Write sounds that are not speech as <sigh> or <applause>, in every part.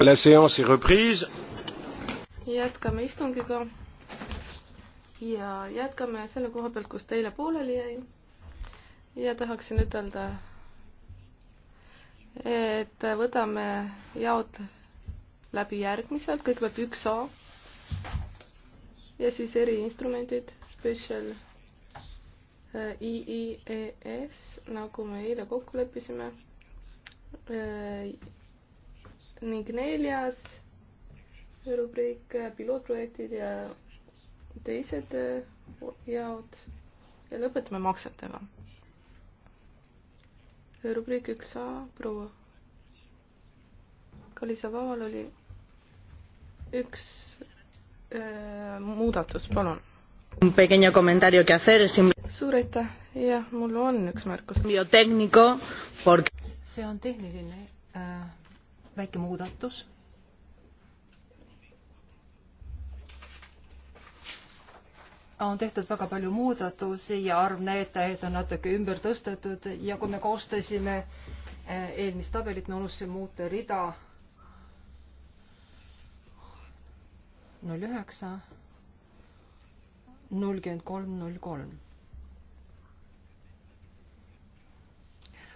La séance est reprise. jätkame istungiga ja jätkame selle koha pealt, kus teile pooleli jäi. ja tahaksin ütelda, et võtame jaod läbi järgmiselt, kõigepealt üks A ja siis eriinstrumendid, special eh, IIES, nagu me eile kokku leppisime eh, ning neljas rubriik pilootprojektid ja teised äh, jaod ja lõpetame maksetega. rubriik üks A, proua Kalisovaval oli üks äh, muudatus, palun un pequeño comentario que hacer. Suur aitäh, jah, mul on üks märkus. Biotehniko, porque... see on tehniline äh, väike muudatus. on tehtud väga palju muudatusi ja arv näitajaid on natuke ümber tõstetud ja kui me koostasime eh, eelmist tabelit, me unustasime muuta rida null üheksa, nullkümmend kolm, null kolm.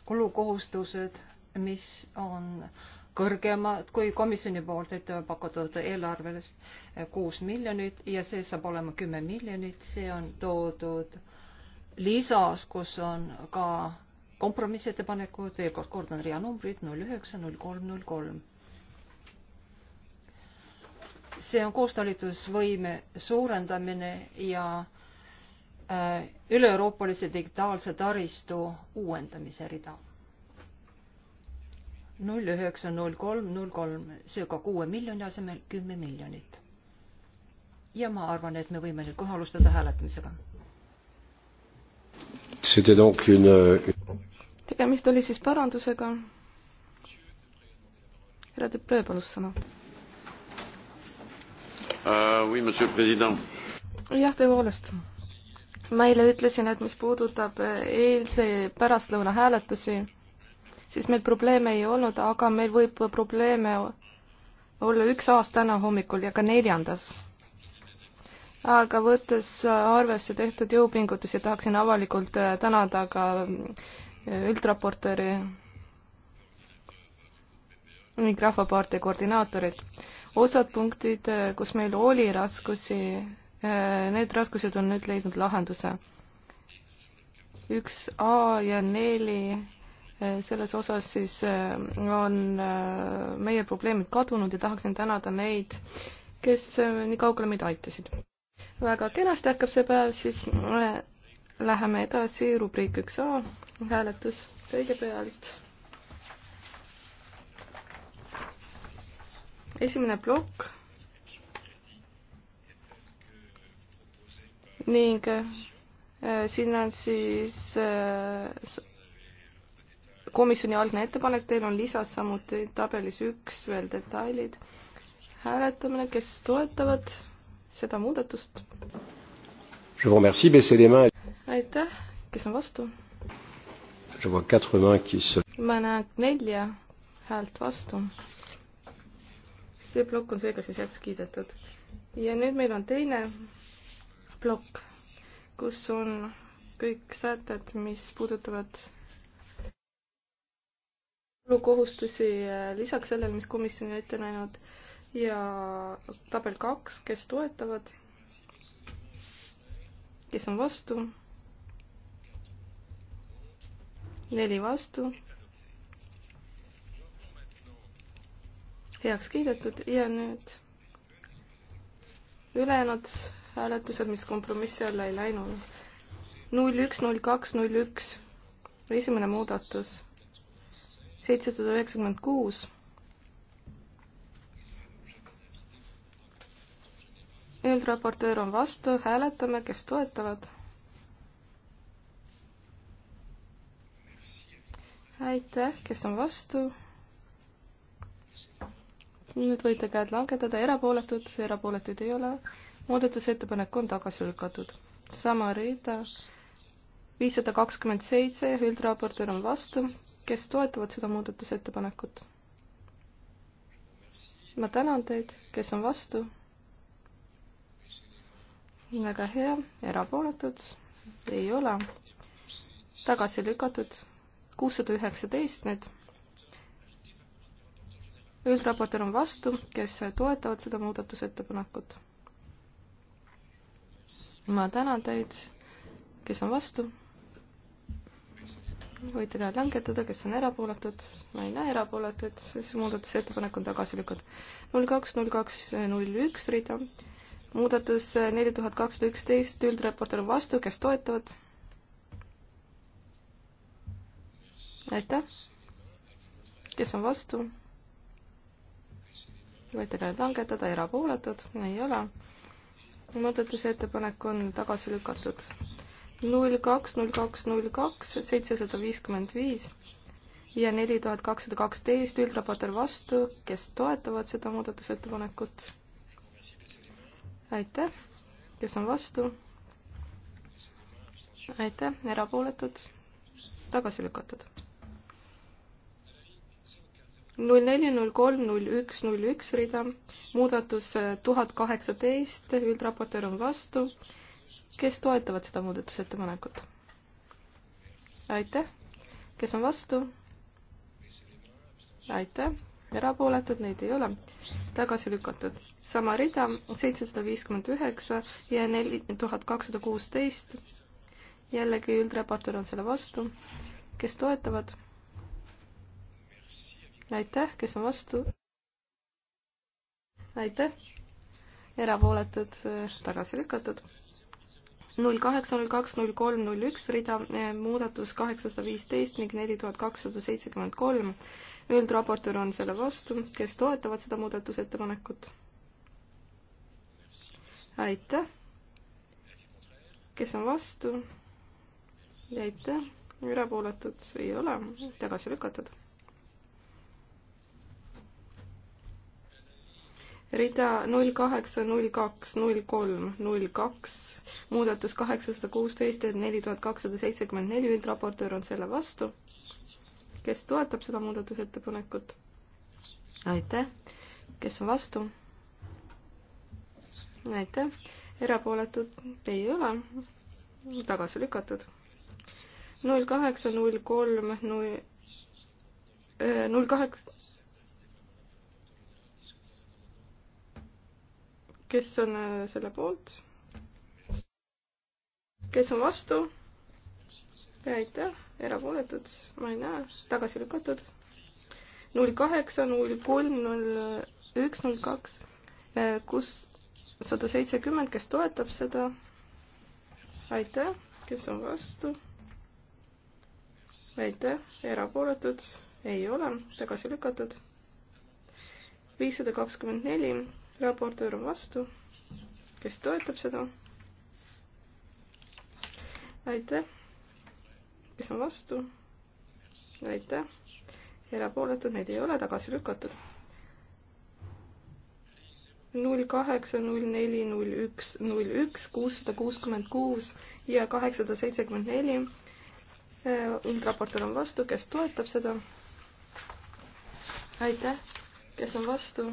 kulukohustused, mis on äh, kõrgemad kui komisjoni poolt ette pakutud eelarvelis eh, kuus miljonit ja see saab olema kümme miljonit, see on toodud lisas, kus on ka kompromissettepanekud, veel kord kordan rea numbrid null üheksa, null kolm, null kolm. see on koostalitusvõime suurendamine ja eh, üle-euroopalise digitaalse taristu uuendamise rida null üheksa, null kolm, null kolm, seega kuue miljoni asemel kümme miljonit. ja ma arvan, et me võime nüüd kohe alustada hääletamisega. tegemist oli siis parandusega. härra Depree palus sõna uh,. Oui, jah, tõepoolest. ma eile ütlesin, et mis puudutab eilse pärastlõuna hääletusi siis meil probleeme ei olnud, aga meil võib probleeme olla üks aasta täna hommikul ja ka neljandas. aga võttes arvesse tehtud jõupingutusi, tahaksin avalikult äh, tänada ka äh, üldraportööri ning Rahvapartei koordinaatorit. osad punktid, äh, kus meil oli raskusi, need raskused on nüüd leidnud lahenduse. üks A ja neli selles osas siis äh, on äh, meie probleemid kadunud ja tahaksin tänada neid, kes äh, nii kaugele meid aitasid. väga kenasti hakkab see päev, siis läheme edasi, rubriik üks A, hääletus kõigepealt. esimene plokk. ning siin on siis komisjoni algne ettepanek, teil on lisas samuti tabelis üks veel detailid. hääletamine, kes toetavad seda muudatust? aitäh, kes on vastu? ma näen nelja häält vastu. see plokk on seega siis heaks kiidetud. ja nüüd meil on teine plokk, kus on kõik sätted, mis puudutavad kulukohustusi eh, lisaks sellele, mis komisjon on ette näinud ja tabel kaks, kes toetavad, kes on vastu, neli vastu, heaks kiidetud ja nüüd ülejäänud hääletused, mis kompromissi alla ei läinud. null üks, null kaks, null üks, esimene muudatus seitsesada üheksakümmend kuus. eeldraportöör on vastu, hääletame, kes toetavad. aitäh, kes on vastu? nüüd võite käed langetada, erapooletud, erapooletuid ei ole. muudatusettepanek on tagasi lükatud. sama rida viissada kakskümmend seitse, üldraportöör on vastu, kes toetavad seda muudatusettepanekut? ma tänan teid, kes on vastu? väga hea, erapooletud ei ole, tagasi lükatud, kuussada üheksateist nüüd. üldraportöör on vastu, kes toetavad seda muudatusettepanekut. ma tänan teid, kes on vastu võite tead langetada, kes on erapooletud, ma ei näe erapooletuid, siis muudatusettepanek on tagasi lükatud. null kaks, null kaks, null üks rida, muudatus neli tuhat kakssada üksteist, üldraport on vastu, kes toetavad? aitäh. kes on vastu? võite tead langetada, erapooletud, ei ole. muudatusettepanek on tagasi lükatud null kaks, null kaks, null kaks, seitsesada viiskümmend viis ja neli tuhat kakssada kaksteist üldraportöör vastu, kes toetavad seda muudatusettepanekut. aitäh, kes on vastu? aitäh, erapooletud, tagasi lükatud. null neli, null kolm, null üks, null üks rida, muudatus eh, tuhat kaheksateist, üldraportöör on vastu kes toetavad seda muudatusettepanekut? aitäh. kes on vastu? aitäh. erapooletud, neid ei ole. tagasi lükatud. sama rida, seitsesada viiskümmend üheksa ja neli tuhat kakssada kuusteist. jällegi üldraportöör on selle vastu. kes toetavad? aitäh, kes on vastu? aitäh. erapooletud, tagasi lükatud null kaheksa, null kaks, null kolm, null üks rida, eh, muudatus kaheksasada viisteist ning neli tuhat kakssada seitsekümmend kolm. üldraportöör on selle vastu, kes toetavad seda muudatusettepanekut? aitäh. kes on vastu? aitäh. erapooletud ei ole, tagasi lükatud. rida null kaheksa, null kaks, null kolm, null kaks, muudatus kaheksasada kuusteist ja neli tuhat kakssada seitsekümmend neli, üldraportöör on selle vastu. kes toetab seda muudatusettepanekut? aitäh. kes on vastu? aitäh. erapooletud ei ole. tagasi lükatud. null kaheksa, null kolm, null, äh, null kaheksa kes on äh, selle poolt? kes on vastu? aitäh, erapooletud, ma ei näe, tagasi lükatud. null kaheksa, null kolm, null üks, null kaks, äh, kus sada seitsekümmend, kes toetab seda? aitäh, kes on vastu? aitäh, erapooletud, ei ole, tagasi lükatud. viissada kakskümmend neli raportöör on vastu, kes toetab seda? aitäh, kes on vastu? aitäh, erapooletud neid ei ole, tagasi lükatud. null kaheksa, null neli, null üks, null üks, kuussada kuuskümmend kuus ja kaheksasada seitsekümmend neli. Äh, üldraportöör on vastu, kes toetab seda? aitäh, kes on vastu?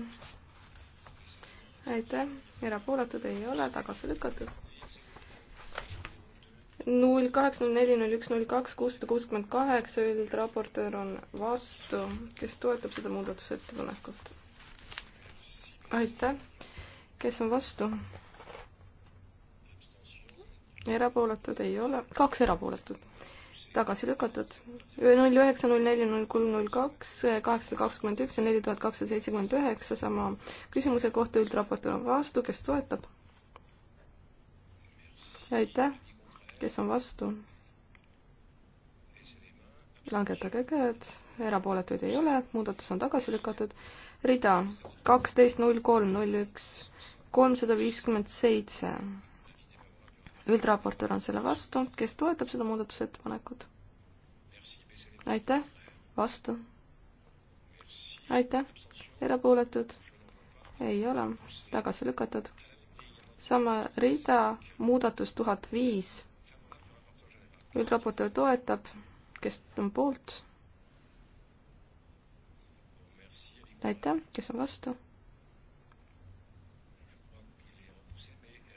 aitäh, erapooletud ei ole, tagasi lükatud. null kaheksa, null neli, null üks, null kaks, kuussada kuuskümmend kaheksa, üldraportöör on vastu, kes toetab seda muudatusettepanekut? aitäh, kes on vastu? erapooletud ei ole, kaks erapooletut tagasi lükatud. null üheksa, null neli, null kolm, null kaks, kaheksasada kakskümmend üks ja neli tuhat kakssada seitsekümmend üheksa sama küsimuse kohta üldraportöör on vastu, kes toetab? aitäh, kes on vastu? langetage käed, erapooletuid ei ole, muudatus on tagasi lükatud. rida kaksteist, null kolm, null üks, kolmsada viiskümmend seitse üldraportöör on selle vastu, kes toetab seda muudatusettepanekut? aitäh, vastu. aitäh, erapooletud? ei ole, tagasi lükatud. sama rida, muudatus tuhat viis. üldraportöör toetab, kes on poolt? aitäh, kes on vastu?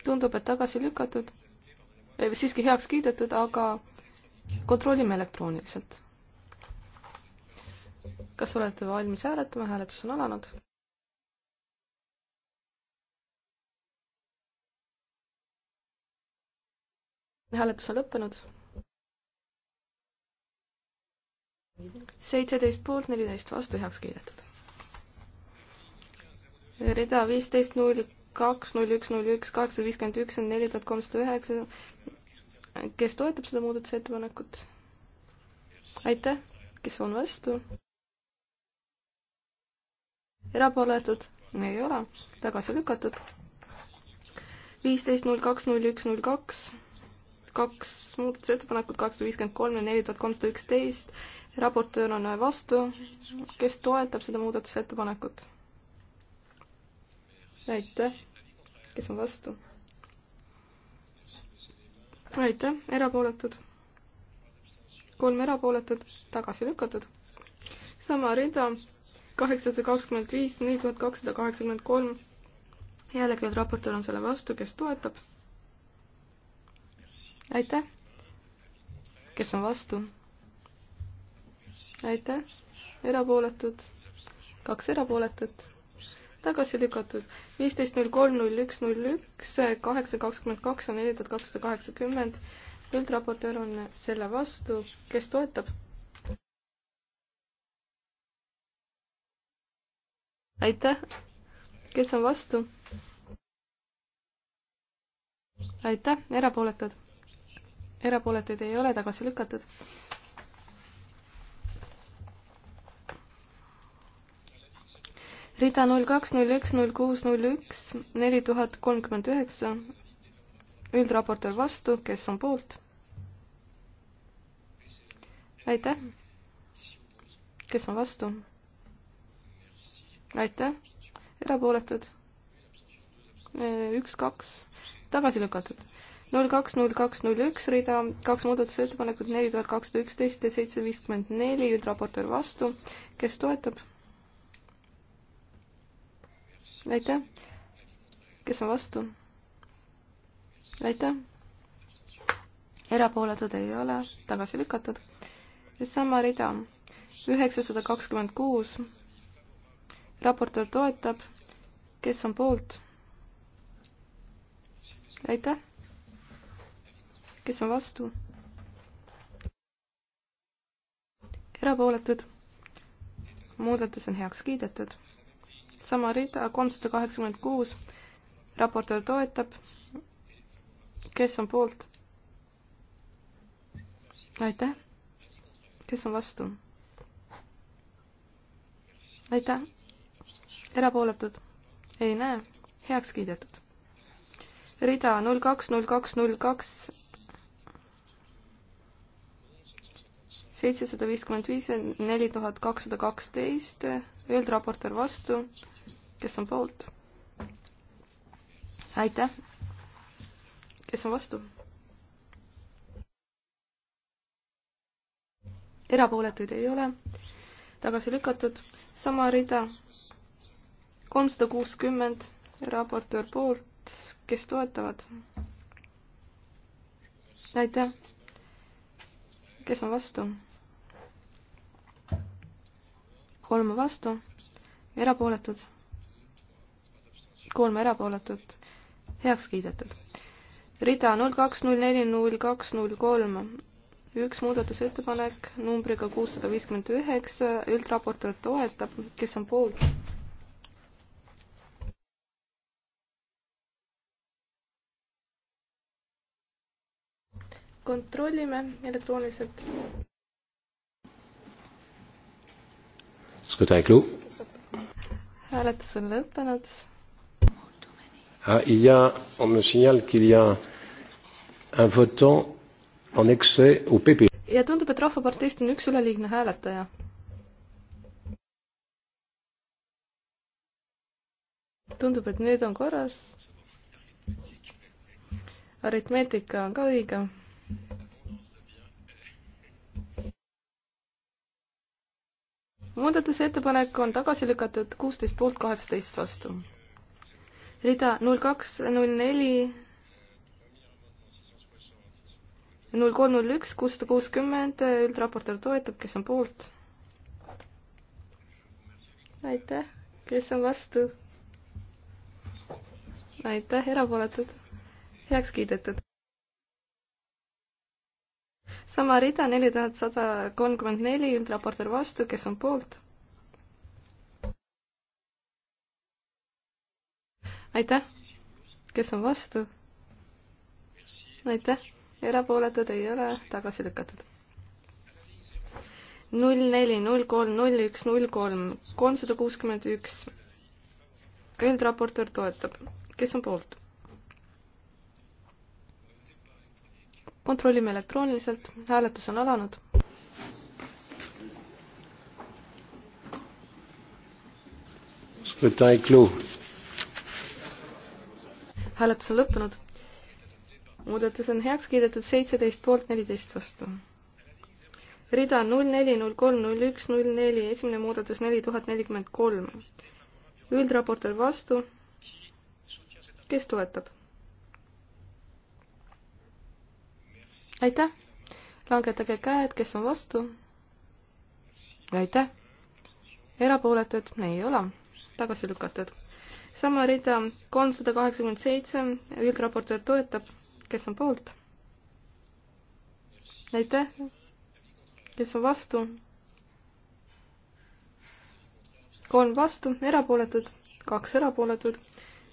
tundub, et tagasi lükatud Eh, siiski heaks kiidetud, aga kontrollime elektrooniliselt. kas olete valmis hääletama, hääletus on alanud. hääletus on lõppenud. seitseteist poolt, neliteist vastu heaks kiidetud. rida viisteist null kaks, null üks, null üks, kaheksasada viiskümmend üks on neli tuhat kolmsada üheksa. kes toetab seda muudatusettepanekut? aitäh, kes on vastu? erapooletud? ei ole, tagasi lükatud. viisteist, null kaks, null üks, null kaks, kaks muudatusettepanekut, kakssada viiskümmend kolm ja neli tuhat kolmsada üksteist. raportöör on vastu, kes toetab seda muudatusettepanekut? aitäh, kes on vastu? aitäh, erapooletud. kolm erapooletut, tagasi lükatud. sama rida, kaheksasada kakskümmend viis, neli tuhat kakssada kaheksakümmend kolm. jällegi, et raportöör on selle vastu, kes toetab. aitäh. kes on vastu? aitäh, erapooletud, kaks erapooletut tagasi lükatud. viisteist null kolm null üks null üks kaheksa kakskümmend kaks on esitatud kakssada kaheksakümmend. üldraportöör on selle vastu, kes toetab? aitäh, kes on vastu? aitäh, erapooletud. erapooletuid ei ole tagasi lükatud rida null kaks, null üks, null kuus, null üks, neli tuhat kolmkümmend üheksa, üldraportöör vastu, kes on poolt? aitäh. kes on vastu? aitäh. erapooletud? üks, kaks, tagasi lükatud null kaks, null kaks, null üks rida, kaks muudatusettepanekut, neli tuhat kakssada üksteist ja seitse viiskümmend neli, üldraportöör vastu, kes toetab? aitäh. kes on vastu? aitäh. erapooletud ei ole, tagasi lükatud. sama rida, üheksasada kakskümmend kuus. raportöör toetab, kes on poolt? aitäh. kes on vastu? erapooletud. muudatus on heaks kiidetud sama rida, kolmsada kaheksakümmend kuus, raportöör toetab, kes on poolt? aitäh, kes on vastu? aitäh, erapooletud? ei näe, heaks kiidetud. rida null kaks, null kaks, null kaks, seitsesada viiskümmend viis, neli tuhat kakssada kaksteist, üldraportöör vastu, kes on poolt? aitäh. kes on vastu? erapooletuid ei ole. tagasi lükatud, sama rida. kolmsada kuuskümmend, raportöör poolt, kes toetavad? aitäh. kes on vastu? kolm vastu, erapooletud kolm erapooletut, heaks kiidetud. rida null kaks, null neli, null kaks, null kolm, üks muudatusettepanek numbriga kuussada viiskümmend üheksa, üldraportöör toetab, kes on poolt? kontrollime elektrooniliselt. hääletus on lõppenud Ah, il y a, on me signale qu'il y a un votant en excès au PP. ja tundub, et Rahvaparteist on üks üleliigne hääletaja. tundub, et nüüd on korras. aritmeetika on ka õige. muudatusettepanek on tagasi lükatud kuusteist poolt kaheksateist vastu rida null kaks, null neli, null kolm, null üks, kuussada kuuskümmend, üldraportöör toetab, kes on poolt? aitäh, kes on vastu? aitäh, erapooletud, heaks kiidetud. sama rida neli tuhat sada kolmkümmend neli, üldraportöör vastu, kes on poolt? aitäh, kes on vastu? aitäh, erapooletud ei ole, tagasi lükatud. null neli, null kolm, null üks, null kolm, kolmsada kuuskümmend üks. üldraportöör toetab, kes on poolt? kontrollime elektrooniliselt, hääletus on alanud scrutin est clos hääletus on lõppenud. muudatus on heaks kiidetud seitseteist poolt, neliteist vastu. rida null neli, null kolm, null üks, null neli, esimene muudatus neli tuhat nelikümmend kolm. üldraportor vastu. kes toetab? aitäh, langetage käed, kes on vastu. aitäh, erapooletud ei ole, tagasi lükatud sama rida kolmsada kaheksakümmend seitse, üldraportöör toetab, kes on poolt? aitäh, kes on vastu? kolm vastu, erapooletud, kaks erapooletut,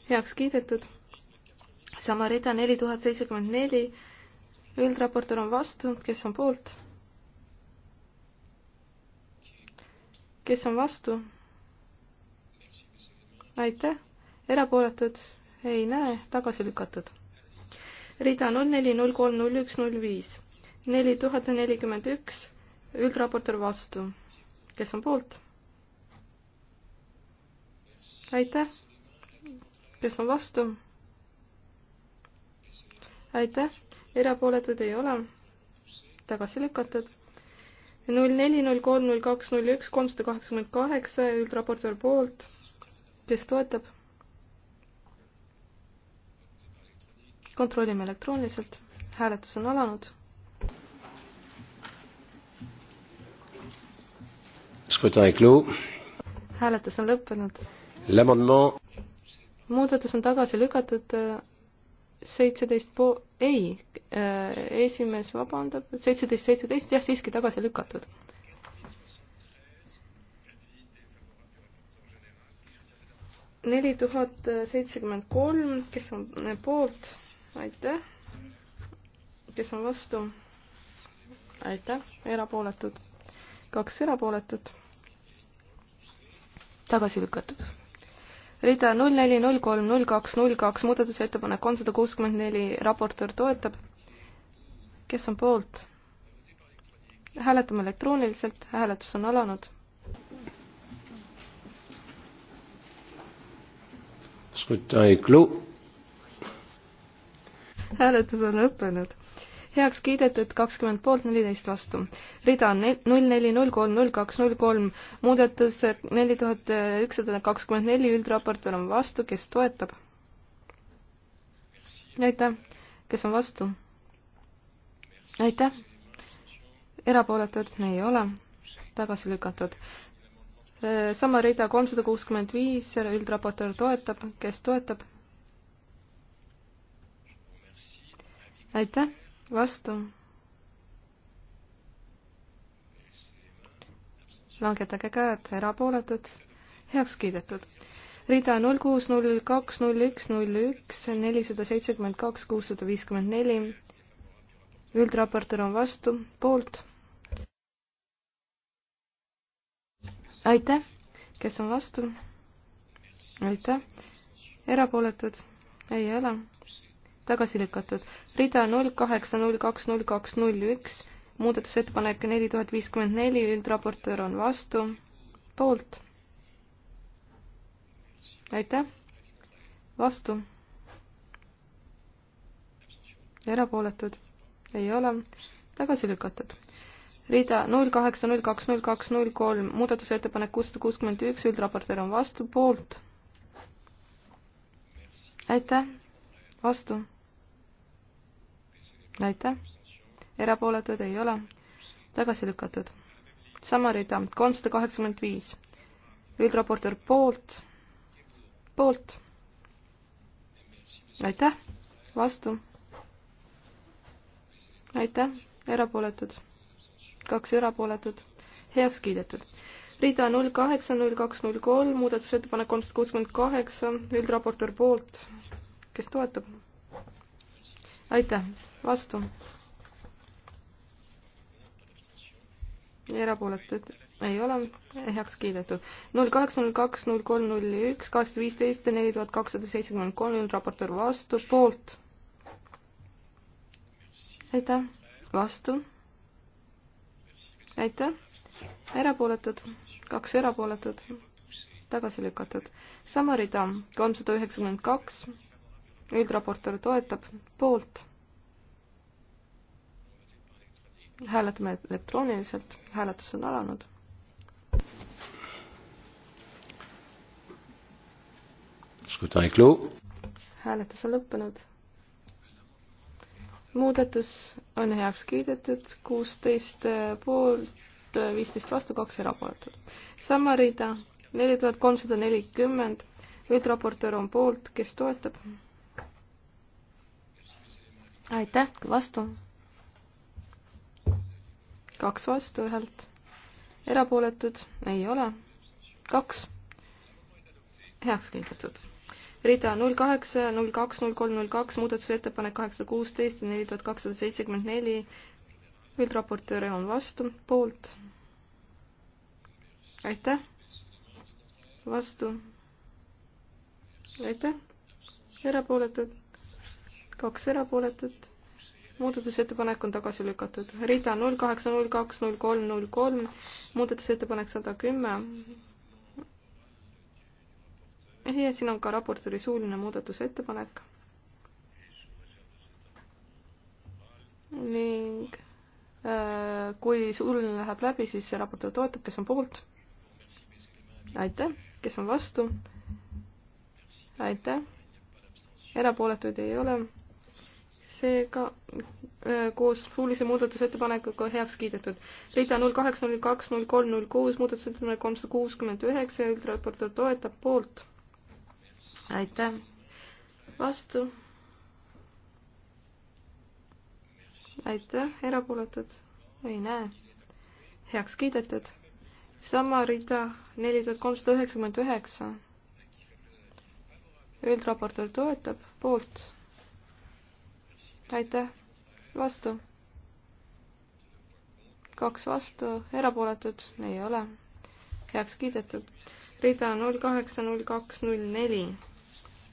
heaks kiidetud. sama rida neli tuhat seitsekümmend neli, üldraportöör on vastu, kes on poolt? kes on vastu? aitäh erapooletud, ei näe, tagasi lükatud. rida null neli, null kolm, null üks, null viis, neli tuhat nelikümmend üks, üldraportöör vastu. kes on poolt? aitäh. kes on vastu? aitäh, erapooletud ei ole, tagasi lükatud. null neli, null kolm, null kaks, null üks, kolmsada kaheksakümmend kaheksa, üldraportöör poolt, kes toetab? kontrollime elektrooniliselt, hääletus on alanud. hääletus on lõppenud. muudatus on tagasi lükatud seitseteist po-, ei, äh, esimees vabandab, seitseteist, seitseteist, jah, siiski tagasi lükatud. neli tuhat seitsekümmend kolm, kes on poolt aitäh. kes on vastu? aitäh, erapooletud. kaks erapooletut. tagasi lükatud. rida null neli, null kolm, null kaks, null kaks, muudatusettepanek kolmsada kuuskümmend neli, raportöör toetab. kes on poolt? hääletame elektrooniliselt, hääletus on alanud. scrutin est clos hääletus on lõppenud. heaks kiidetud kakskümmend poolt, neliteist vastu. rida null neli null kolm null kaks null kolm, muudatus neli tuhat ükssada kakskümmend neli, üldraportöör on vastu, kes toetab? aitäh, kes on vastu? aitäh, erapooletud ei ole, tagasi lükatud sama rida kolmsada kuuskümmend viis, üldraportöör toetab, kes toetab? aitäh, vastu. langetage käed, erapooletud, heaks kiidetud. rida null kuus, null kaks, null üks, null üks, nelisada seitsekümmend kaks, kuussada viiskümmend neli. üldraportöör on vastu, poolt. aitäh, kes on vastu? aitäh, erapooletud, ei ole tagasi lükatud. rida null kaheksa null kaks null kaks null üks, muudatusettepanek neli tuhat viiskümmend neli, üldraportöör on vastu, poolt. aitäh, vastu. erapooletud ei ole, tagasi lükatud rida null kaheksa null kaks null kaks null kolm, muudatusettepanek kuussada kuuskümmend üks, üldraportöör on vastu, poolt. aitäh, vastu aitäh. erapooletud ei ole. tagasi lükatud. sama rida, kolmsada kaheksakümmend viis. üldraportöör poolt, poolt. aitäh, vastu. aitäh, erapooletud. kaks erapooletut, heaks kiidetud rida null kaheksa, null kaks, null kolm, muudatusettepanek kolmsada kuuskümmend kaheksa, üldraportöör poolt, kes toetab? aitäh, vastu. erapooletud ei ole, heaks kiidetud. null kaheksa, null kaks, null kolm, null üks, kaheksa viisteist, neli tuhat kakssada seitsekümmend kolm, raportöör vastu, poolt. aitäh, vastu. aitäh, erapooletud, kaks erapooletut, tagasi lükatud. sama rida, kolmsada üheksakümmend kaks üldraportöör toetab, poolt. hääletame elektrooniliselt, hääletus on alanud. hääletus on lõppenud. muudatus on heaks kiidetud, kuusteist poolt, viisteist vastu, kaks erapooletut. sama rida, neli tuhat kolmsada nelikümmend, üldraportöör on poolt, kes toetab? aitäh, vastu. kaks vastu ühelt, erapooletud ei ole, kaks heaks kiidetud. rida null kaheksa, null kaks, null kolm, null kaks, muudatusettepanek kaheksasada kuusteist ja neli tuhat kakssada seitsekümmend neli. üldraportöör on vastu, poolt. aitäh. vastu. aitäh. erapooletud kaks erapooletut. muudatusettepanek on tagasi lükatud. rida null kaheksa, null kaks, null kolm, null kolm, muudatusettepanek sada kümme. ja siin on ka raportööri suuline muudatusettepanek. ning äh, kui suuline läheb läbi, siis see raportöör toetab, kes on poolt. aitäh, kes on vastu? aitäh erapooletuid ei ole seega äh, koos suulise muudatusettepanekuga heaks kiidetud. rida null kaheksa, null kaks, null kolm, null kuus, muudatusettepanek kolmsada kuuskümmend üheksa ja üldraportor toetab poolt. aitäh. vastu. aitäh, erapooletud? ei näe. heaks kiidetud. sama rida neli tuhat kolmsada üheksakümmend üheksa. üldraportor toetab poolt aitäh, vastu. kaks vastu, erapooletud ei ole, heaks kiidetud. rida null kaheksa, null kaks, null neli,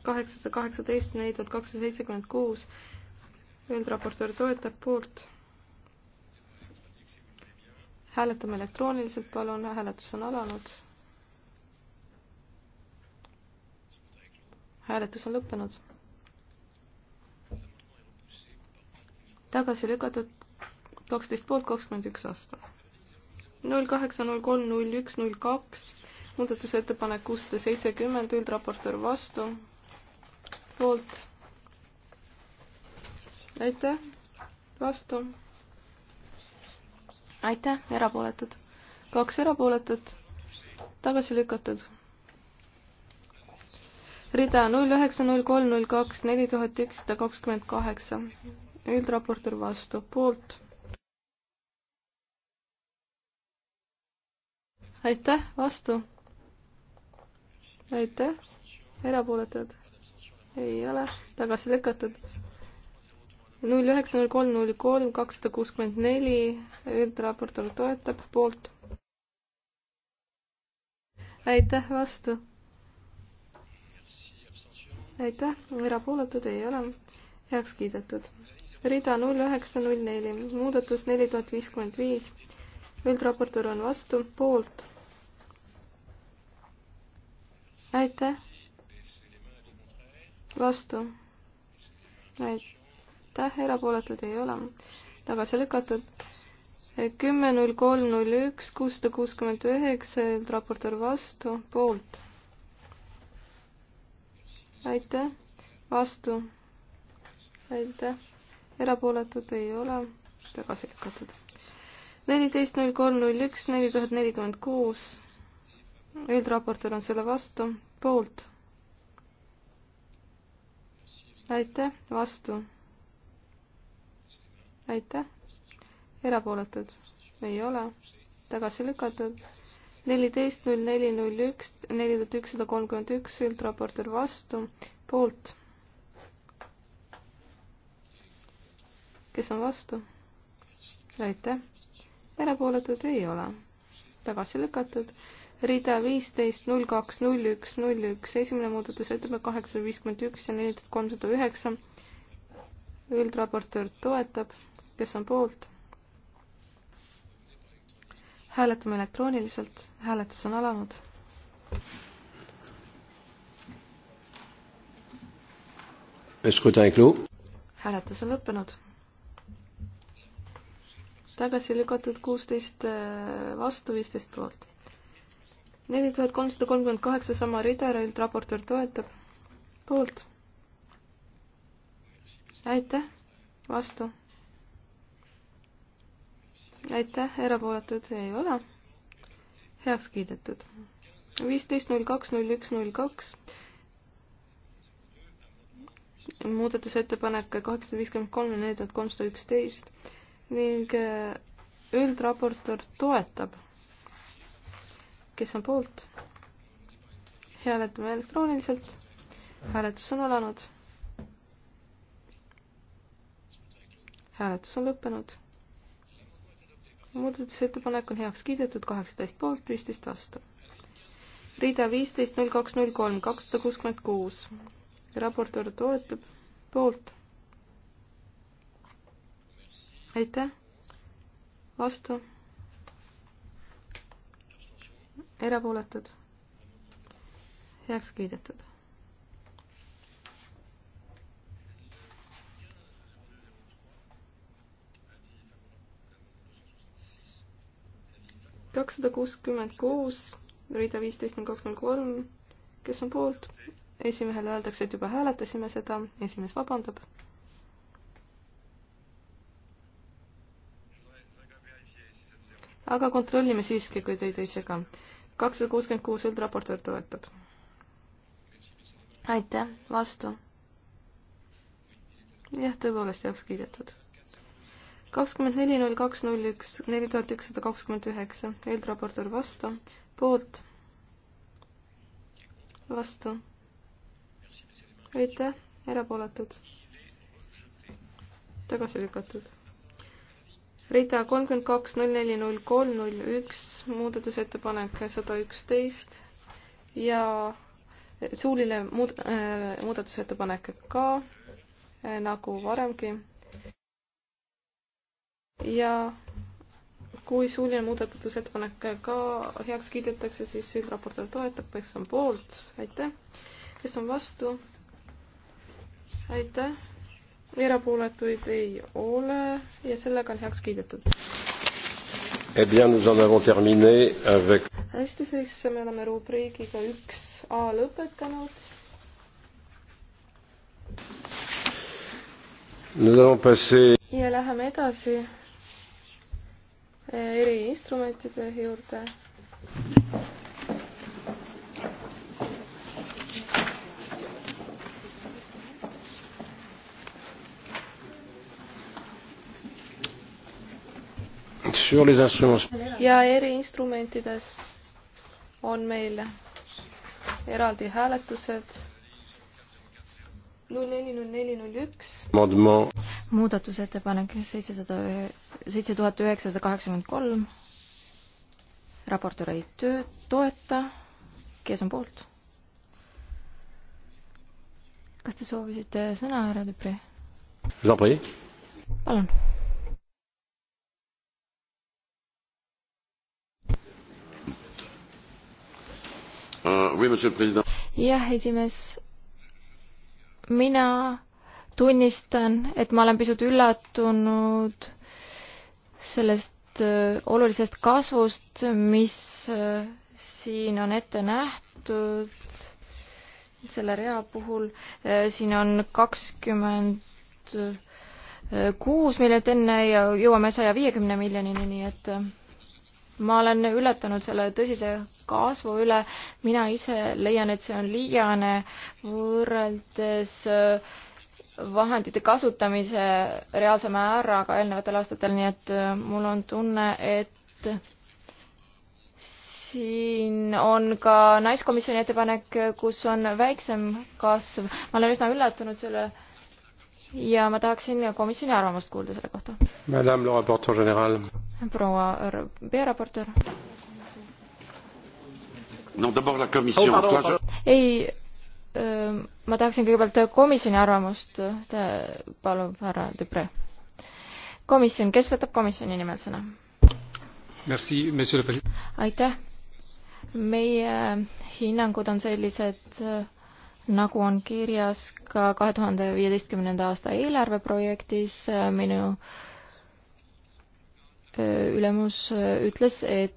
kaheksasada kaheksateist, neli tuhat kakssada seitsekümmend kuus, üldraportöör toetab poolt. hääletame elektrooniliselt, palun, hääletus on alanud. hääletus on lõppenud tagasi lükatud kaksteist poolt kakskümmend üks vastu. null kaheksa, null kolm, null üks, null kaks, muudatusettepanek kuussada seitsekümmend, üldraportöör vastu, poolt. aitäh, vastu. aitäh, erapooletud. kaks erapooletut, tagasi lükatud rida null üheksa, null kolm, null kaks, neli tuhat ükssada kakskümmend kaheksa üldraportöör vastu, poolt. aitäh, vastu. aitäh, erapooletud ei ole, tagasi lükatud. null üheksa, null kolm, null kolm, kakssada kuuskümmend neli, üldraportor toetab, poolt. aitäh, vastu. aitäh, erapooletud ei ole, heaks kiidetud rida null üheksa null neli, muudatus neli tuhat viiskümmend viis, üldraportöör on vastu, poolt. aitäh. vastu. aitäh, erapooletud ei ole, tagasi lükatud kümme, null kolm, null üks, kuussada kuuskümmend üheksa, raportöör vastu, poolt. aitäh, vastu. aitäh, erapooletud ei ole, tagasi lükatud. neliteist, null kolm, null üks, neli tuhat nelikümmend kuus. eelraportöör on selle vastu, poolt. aitäh, vastu. aitäh, erapooletud ei ole, tagasi lükatud neliteist, null neli, null üks, neli tuhat ükssada kolmkümmend üks, üldraportöör vastu, poolt kes on vastu? aitäh. erapooletud ei ole. tagasi lükatud. rida viisteist, null kaks, null üks, null üks, esimene muudatusettepanek kaheksasada viiskümmend üks ja neli tuhat kolmsada üheksa. üldraportöör toetab, kes on poolt? hääletame elektrooniliselt, hääletus on alanud. hääletus on lõppenud tagasi lükatud kuusteist äh, vastu, viisteist poolt. neli tuhat kolmsada kolmkümmend kaheksa, sama rida, raportöör toetab. poolt. aitäh, vastu. aitäh, erapooletud ei ole. heaks kiidetud. viisteist null kaks null üks null kaks muudatusettepanek kaheksasada viiskümmend kolm ja neli tuhat kolmsada üksteist ning äh, üldraportor toetab. kes on poolt? hääletame elektrooniliselt. hääletus on alanud. hääletus on lõppenud. muudatusettepanek on heaks kiidetud, kaheksateist poolt, viisteist vastu. rida viisteist null kaks null kolm kakssada kuuskümmend kuus. raportöör toetab, poolt aitäh, vastu, erapooletud, heaks kiidetud. kakssada kuuskümmend kuus, rida viisteist null kaks null kolm, kes on poolt? esimehele öeldakse, et juba hääletasime seda, esimees vabandab aga kontrollime siiski, kui teid ei sega. kakssada kuuskümmend kuus üldraportöör toetab. aitäh, vastu. jah, tõepoolest heaks kiidetud. kakskümmend neli, null kaks, null üks, neli tuhat ükssada kakskümmend üheksa, üldraportöör vastu, poolt, vastu. aitäh, erapooletud, tagasi lükatud rida kolmkümmend kaks, null neli, null kolm, null üks, muudatusettepanek sada üksteist ja suuline muud- äh,, muudatusettepanek ka äh, nagu varemgi. ja kui suuline muudatusettepanek ka heaks kiidetakse, siis üldraportöör toetab, kes on poolt, aitäh. kes on vastu? aitäh, erapooletuid ei ole ja sellega on heaks kiidetud. Eh bien, nous en avons terminé avec... hästi, siis me oleme rubriigiga üks A lõpetanud. Nous allons passer... ja läheme edasi eh, eriinstrumentide juurde. ja eriinstrumentides on meil eraldi hääletused null neli, null neli, null üks. muudatusettepanek seitsesada, seitse tuhat üheksasada kaheksakümmend kolm. raportöör ei töö, toeta. kes on poolt? kas te soovisite sõna, härra Tüpri? palun Euh, jah, esimees, mina tunnistan, et ma olen pisut üllatunud sellest äh, olulisest kasvust, mis äh, siin on ette nähtud selle rea puhul. Äh, siin on kakskümmend kuus miljonit enne ja jõuame saja viiekümne miljonini, nii et ma olen ületanud selle tõsise kasvu üle, mina ise leian, et see on liiane võrreldes äh, vahendite kasutamise reaalse määraga eelnevatel aastatel, nii et äh, mul on tunne, et siin on ka Naiskomisjoni ettepanek, kus on väiksem kasv. ma olen üsna üllatunud selle äh, ja ma tahaksin komisjoni arvamust kuulda selle kohta. proua pearaportöör. Oh, ei, ähm, ma tahaksin kõigepealt komisjoni arvamust, äh, palub härra Dupre. komisjon, kes võtab komisjoni nimel sõna? aitäh meie hinnangud on sellised, äh, nagu on kirjas ka kahe tuhande viieteistkümnenda aasta eelarveprojektis, äh, minu äh, ülemus äh, ütles, et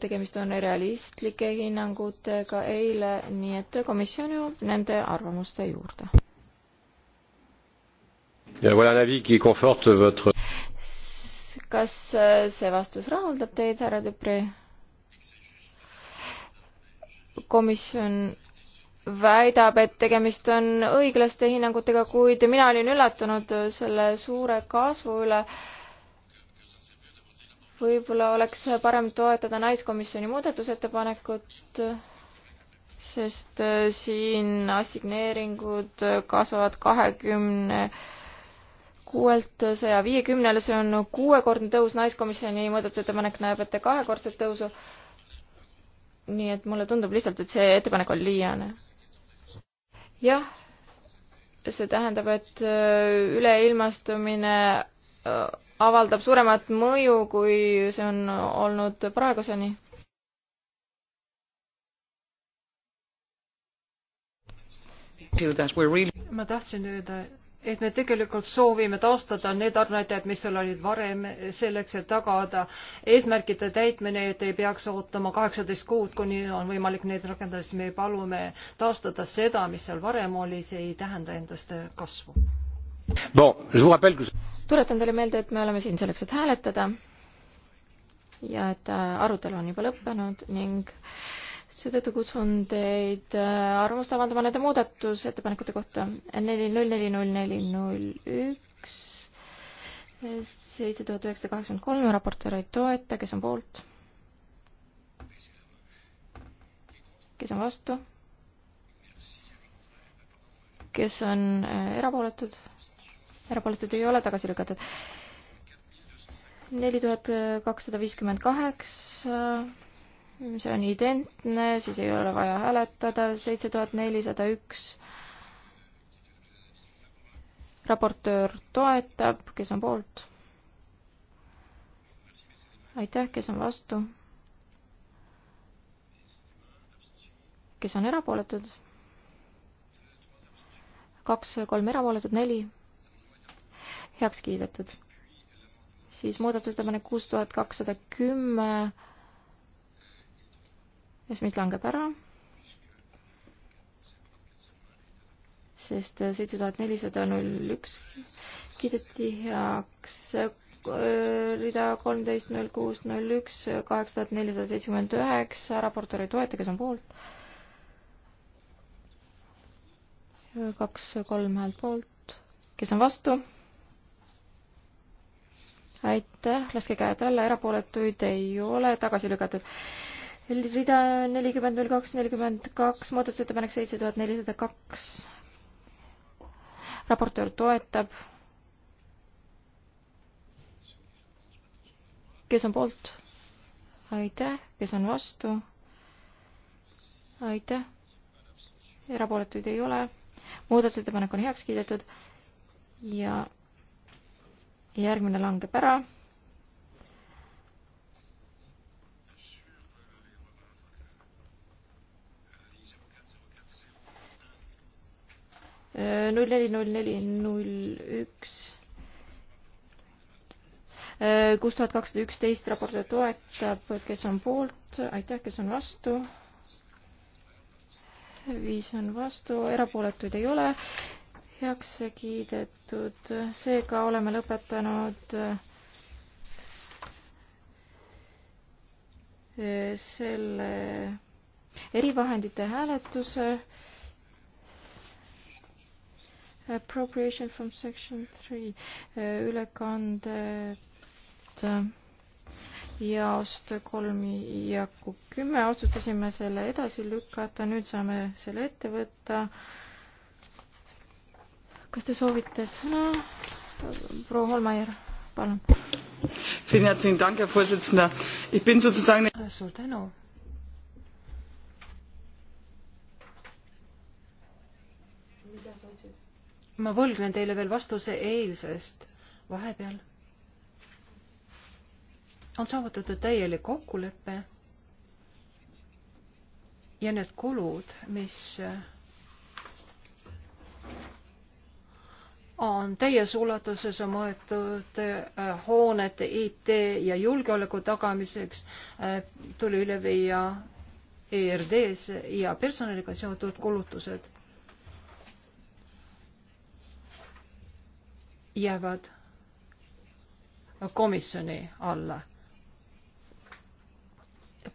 tegemist on realistlike hinnangutega eile, nii et komisjon jõuab nende arvamuste juurde. kas see vastus rahuldab teid, härra Tüpri? komisjon väidab, et tegemist on õiglaste hinnangutega, kuid mina olin üllatunud selle suure kasvu üle. võib-olla oleks parem toetada Naiskomisjoni muudatusettepanekut, sest äh, siin assigneeringud kasvavad kahekümne 20 kuuelt saja viiekümnele, see on kuuekordne tõus, Naiskomisjoni muudatusettepanek näeb ette kahekordset tõusu. nii et mulle tundub lihtsalt, et see ettepanek on liiane jah, see tähendab, et äh, üleilmastumine äh, avaldab suuremat mõju, kui see on olnud praeguseni. ma tahtsin öelda et me tegelikult soovime taastada need arvnäitajad, mis seal olid varem, selleks et tagada eesmärkide täitmine, et ei peaks ootama kaheksateist kuud, kuni on võimalik neid rakendada, siis me palume taastada seda, mis seal varem oli, see ei tähenda endast kasvu bon,. tuletan teile meelde, et me oleme siin selleks, et hääletada ja et arutelu on juba lõppenud ning seetõttu kutsun teid äh, arvamust avaldama nende muudatusettepanekute kohta. neli, null, neli, null, neli, null, üks, seitse tuhat üheksasada kaheksakümmend kolm, raportöör ei toeta, kes on poolt? kes on vastu? kes on äh, erapooletud? erapooletud ei ole, tagasi lükatud. neli tuhat äh, kakssada viiskümmend kaheksa see on identne, siis ei ole vaja hääletada, seitse tuhat nelisada üks. raportöör toetab, kes on poolt? aitäh, kes on vastu? kes on erapooletud? kaks, kolm erapooletut, neli heaks kiidetud. siis muudatusettepanek kuus tuhat kakssada kümme mis, mis langeb ära, sest äh, seitse tuhat nelisada null üks kiideti heaks äh, rida kolmteist null kuus null üks äh, kaheksa tuhat nelisada seitsekümmend üheksa, raportöör ei toeta, kes on poolt? kaks, kolm häält poolt, kes on vastu? aitäh, laske käed alla, erapooletuid ei ole, tagasi lükatud rida nelikümmend null kaks, nelikümmend kaks, muudatusettepanek seitse tuhat nelisada kaks. raportöör toetab. kes on poolt? aitäh, kes on vastu? aitäh. erapooletuid ei ole. muudatusettepanek on heaks kiidetud ja järgmine langeb ära null neli, null neli, null üks kuus tuhat kakssada üksteist raportöö toetab, kes on poolt, aitäh, kes on vastu. viis on vastu, erapooletuid ei ole heaks kiidetud. seega oleme lõpetanud eh, selle erivahendite hääletuse Appropriation from section three, eh, ülekanded eh, ja aasta kolm jagu kümme otsustasime selle edasi lükata, nüüd saame selle ette võtta. kas te soovite sõna? proua Holmeier, palun. suur tänu, ma võlgnen teile veel vastuse eilsest. vahepeal on saavutatud täielik kokkulepe ja need kulud, mis on täies ulatuses mõeldud äh, hoonete IT ja julgeoleku tagamiseks, äh, tuli üle viia ERD-s ja personaliga seotud kulutused jäävad komisjoni alla.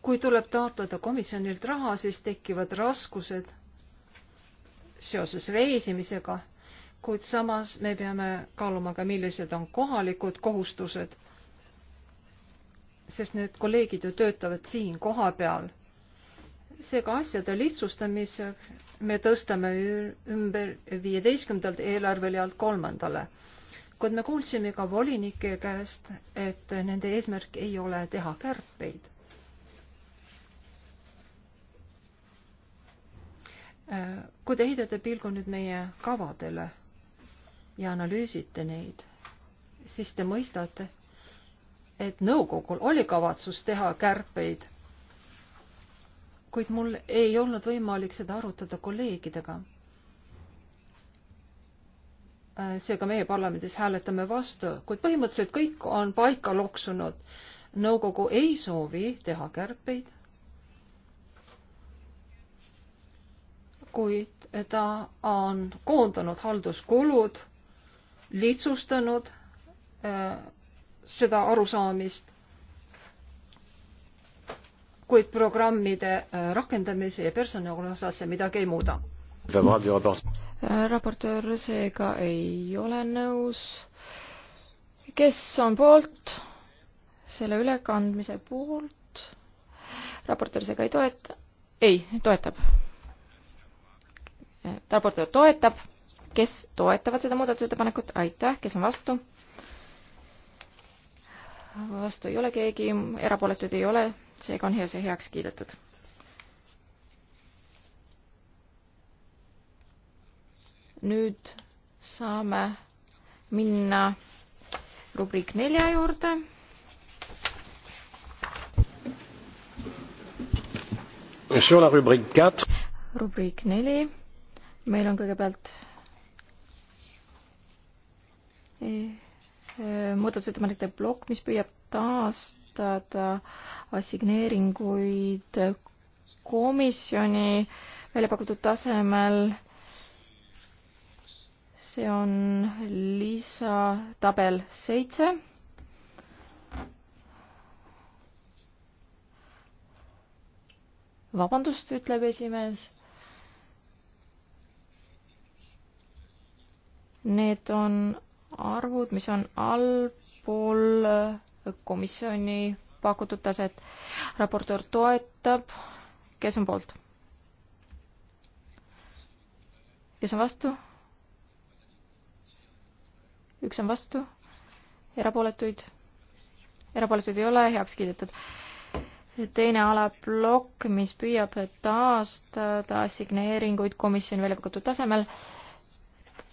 kui tuleb taotleda komisjonilt raha, siis tekivad raskused seoses reisimisega, kuid samas me peame kaaluma ka, millised on kohalikud kohustused, sest need kolleegid ju töötavad siin kohapeal. seega asjade lihtsustamiseks me tõstame ümber viieteistkümnendalt eelarvele alt kolmandale kuid me kuulsime ka volinike käest, et nende eesmärk ei ole teha kärpeid. kui te heidate pilgu nüüd meie kavadele ja analüüsite neid, siis te mõistate, et nõukogul oli kavatsus teha kärpeid, kuid mul ei olnud võimalik seda arutada kolleegidega Äh, seega meie parlamendis hääletame vastu, kuid põhimõtteliselt kõik on paika loksunud. nõukogu ei soovi teha kärpeid. kuid ta on koondanud halduskulud, lihtsustanud äh, seda arusaamist, kuid programmide äh, rakendamise ja personali osas see midagi ei muuda raportöör seega ei ole nõus. kes on poolt selle ülekandmise poolt? raportöör seega ei toeta, ei, toetab. raportöör toetab, kes toetavad seda muudatusettepanekut, aitäh, kes on vastu? vastu ei ole keegi, erapooletuid ei ole, seega on hea see heaks kiidetud nüüd saame minna rubriik nelja juurde. rubriik neli. meil on kõigepealt e, e, muudatusettepanekute plokk, mis püüab taastada assigneeringuid komisjoni välja pakutud tasemel see on lisatabel seitse. vabandust, ütleb esimees. Need on arvud, mis on allpool komisjoni pakutud taset. raportöör toetab, kes on poolt? kes on vastu? üks on vastu, erapooletuid, erapooletuid ei ole, heaks kiidetud. teine alaplokk, mis püüab taastada signeeringuid komisjoni välja pakutud tasemel.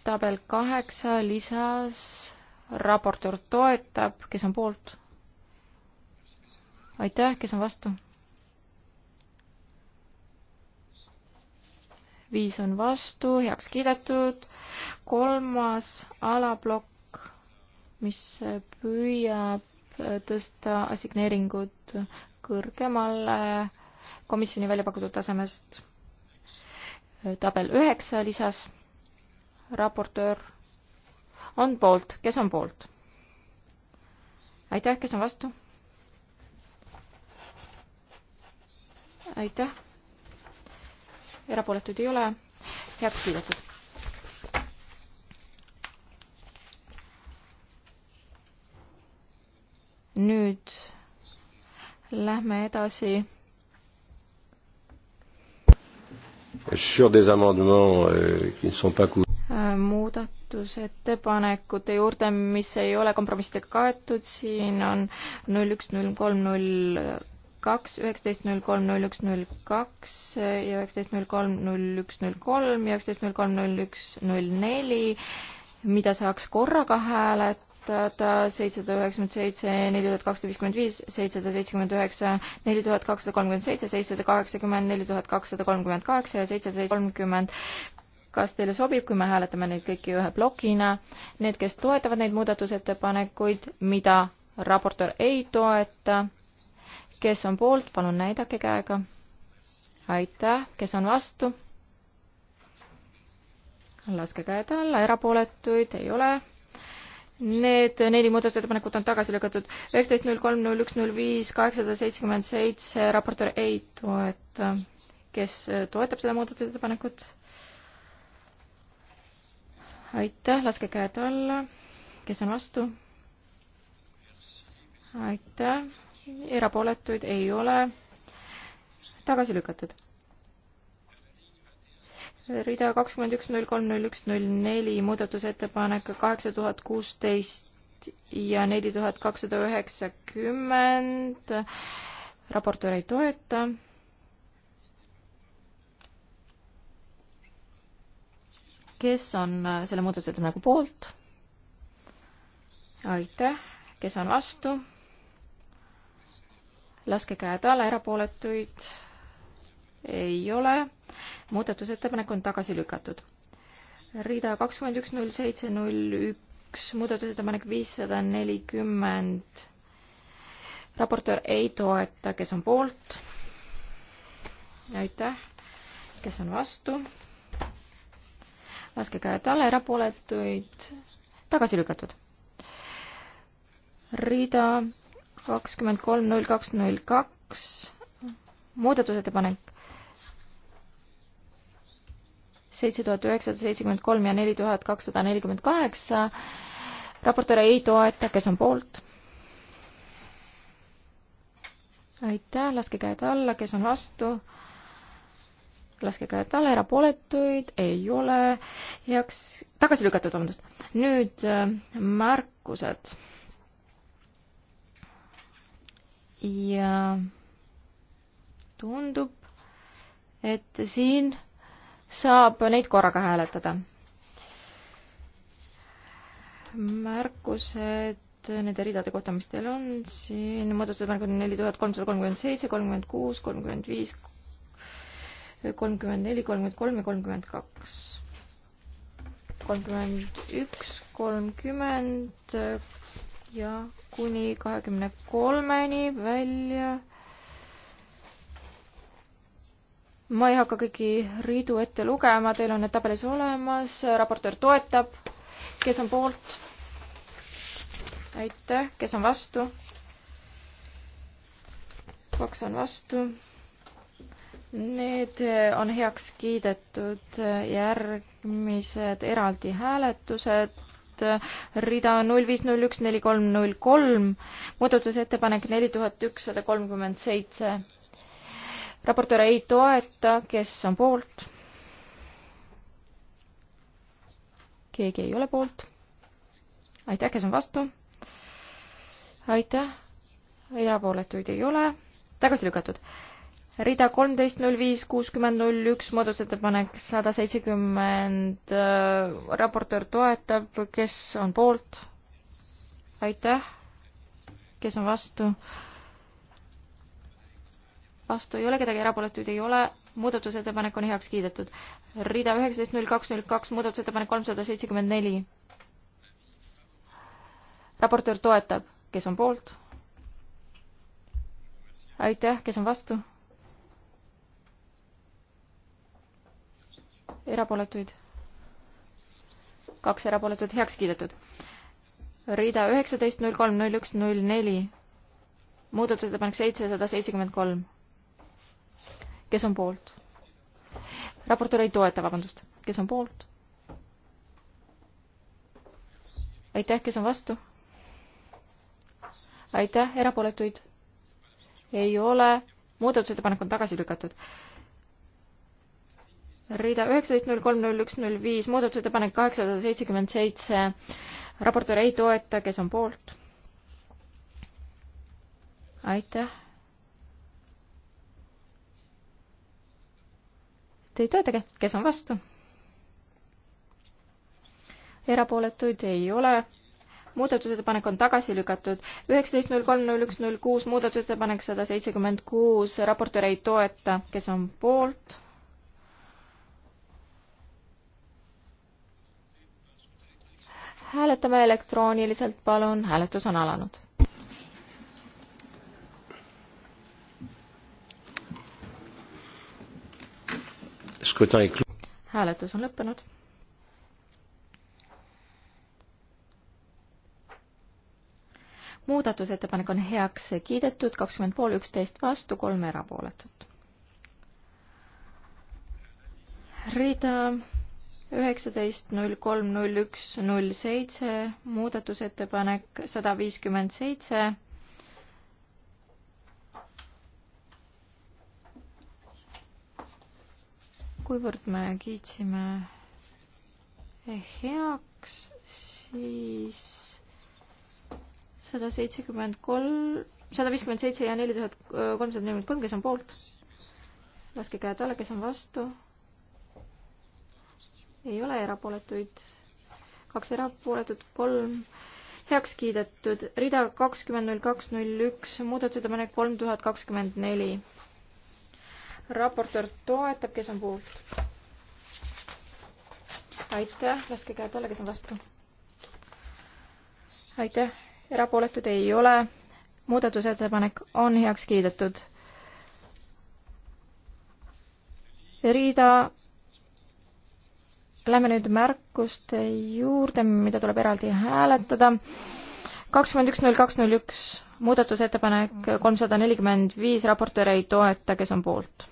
tabel kaheksa lisas, raportöör toetab, kes on poolt? aitäh, kes on vastu? viis on vastu, heaks kiidetud. kolmas alaplokk mis püüab tõsta assigneeringud kõrgemale komisjoni välja pakutud tasemest. tabel üheksa lisas raportöör on poolt, kes on poolt? aitäh, kes on vastu? aitäh. erapooletuid ei ole, heaks kiidetud. nüüd lähme edasi. Sur des amendements euh, qui ne sont pas cou- äh, muudatusettepanekute juurde, mis ei ole kompromissidega kaetud, siin on null üks, null kolm, null kaks, üheksateist, null kolm, null üks, null kaks ja üheksateist, null kolm, null üks, null kolm ja üheksateist, null kolm, null üks, null neli, mida saaks korraga hääletada sada seitsesada üheksakümmend seitse, neli tuhat kakssada viiskümmend viis, seitsesada seitsekümmend üheksa, neli tuhat kakssada kolmkümmend seitse, seitsesada kaheksakümmend, neli tuhat kakssada kolmkümmend kaheksa ja seitsesada kolmkümmend. kas teile sobib, kui me hääletame neid kõiki ühe plokina? Need, kes toetavad neid muudatusettepanekuid, mida raportöör ei toeta, kes on poolt, palun näidake käega. aitäh, kes on vastu? laske käed alla, erapooletuid ei ole Need neli muudatusettepanekut on tagasi lükatud. üheksateist null kolm null üks null viis kaheksasada seitsekümmend seitse raportöör ei toeta. kes toetab seda muudatusettepanekut? aitäh, laske käed alla. kes on vastu? aitäh, erapooletuid ei ole. tagasi lükatud rida kakskümmend üks, null kolm, null üks, null neli, muudatusettepanek kaheksa tuhat kuusteist ja neli tuhat kakssada üheksakümmend. raportöör ei toeta. kes on selle muudatusettepaneku poolt? aitäh, kes on vastu? laske käed alla, erapooletuid ei ole. muudatusettepanek on tagasi lükatud. rida kakskümmend üks, null seitse, null üks, muudatusettepanek viissada nelikümmend. raportöör ei toeta, kes on poolt? aitäh. kes on vastu? laske käed alla, erapooletuid tagasi lükatud. rida kakskümmend kolm, null kaks, null kaks, muudatusettepanek seitse tuhat üheksasada seitsekümmend kolm ja neli tuhat kakssada nelikümmend kaheksa. raportöör ei toeta, kes on poolt? aitäh, laske käed alla, kes on vastu? laske käed alla, erapooletuid ei ole, heaks, tagasi lükatud, vabandust. nüüd äh, märkused. ja tundub, et siin saab neid korraga hääletada. märkused nende ridade kohta, mis teil on siin, muudatusettepanekud neli tuhat kolmsada kolmkümmend seitse, kolmkümmend kuus, kolmkümmend viis, kolmkümmend neli, kolmkümmend kolm ja kolmkümmend kaks. kolmkümmend üks, kolmkümmend ja kuni kahekümne kolmeni välja ma ei hakka kõiki ridu ette lugema, teil on need tabelis olemas, raportöör toetab. kes on poolt? aitäh, kes on vastu? kaks on vastu. Need on heaks kiidetud järgmised eraldi hääletused. rida null viis null üks neli kolm null kolm, muudatusettepanek neli tuhat ükssada kolmkümmend seitse raportöör ei toeta, kes on poolt? keegi ei ole poolt. aitäh, kes on vastu? aitäh, erapooletuid ei ole, tagasi lükatud. rida kolmteist, null viis, kuuskümmend, null üks, muudatusettepanek sada seitsekümmend, raportöör toetab, kes on poolt? aitäh, kes on vastu? vastu ei ole, kedagi erapooletuid ei ole, muudatusettepanek on heaks kiidetud. rida üheksateist null kaks null kaks, muudatusettepanek kolmsada seitsekümmend neli. raportöör toetab, kes on poolt? aitäh, kes on vastu? erapooletuid? kaks erapooletut heaks kiidetud. rida üheksateist null kolm null üks null neli, muudatusettepanek seitsesada seitsekümmend kolm kes on poolt? raportöör ei toeta, vabandust, kes on poolt? aitäh, kes on vastu? aitäh, erapooletuid? ei ole, muudatusettepanek on tagasi lükatud. rida üheksateist null kolm null üks null viis, muudatusettepanek kaheksasada seitsekümmend seitse, raportöör ei toeta, kes on poolt? aitäh erapooletuid, töötage, kes on vastu. erapooletuid ei ole. muudatusettepanek on tagasi lükatud. üheksateist null kolm null üks null kuus, muudatusettepanek sada seitsekümmend kuus, raportöör ei toeta, kes on poolt? hääletame elektrooniliselt, palun, hääletus on alanud hääletus on lõppenud. muudatusettepanek on heaks kiidetud, kakskümmend pool, üksteist vastu, kolm erapooletut. rida üheksateist, null kolm, null üks, null seitse, muudatusettepanek sada viiskümmend seitse kuivõrd me kiitsime heaks, siis sada seitsekümmend kolm, sada viiskümmend seitse ja neli tuhat kolmsada nelikümmend kolm, kes on poolt, laske käed alla, kes on vastu. ei ole erapooletuid, kaks erapooletut, kolm heaks kiidetud, rida kakskümmend null kaks null üks, muudatusettepanek kolm tuhat kakskümmend neli raportöör toetab, kes on poolt? aitäh, laske käed alla, kes on vastu. aitäh, erapooletud ei ole. muudatusettepanek on heaks kiidetud. Riida, lähme nüüd märkuste juurde, mida tuleb eraldi hääletada. kakskümmend üks, null kaks, null üks, muudatusettepanek kolmsada nelikümmend viis, raportöör ei toeta, kes on poolt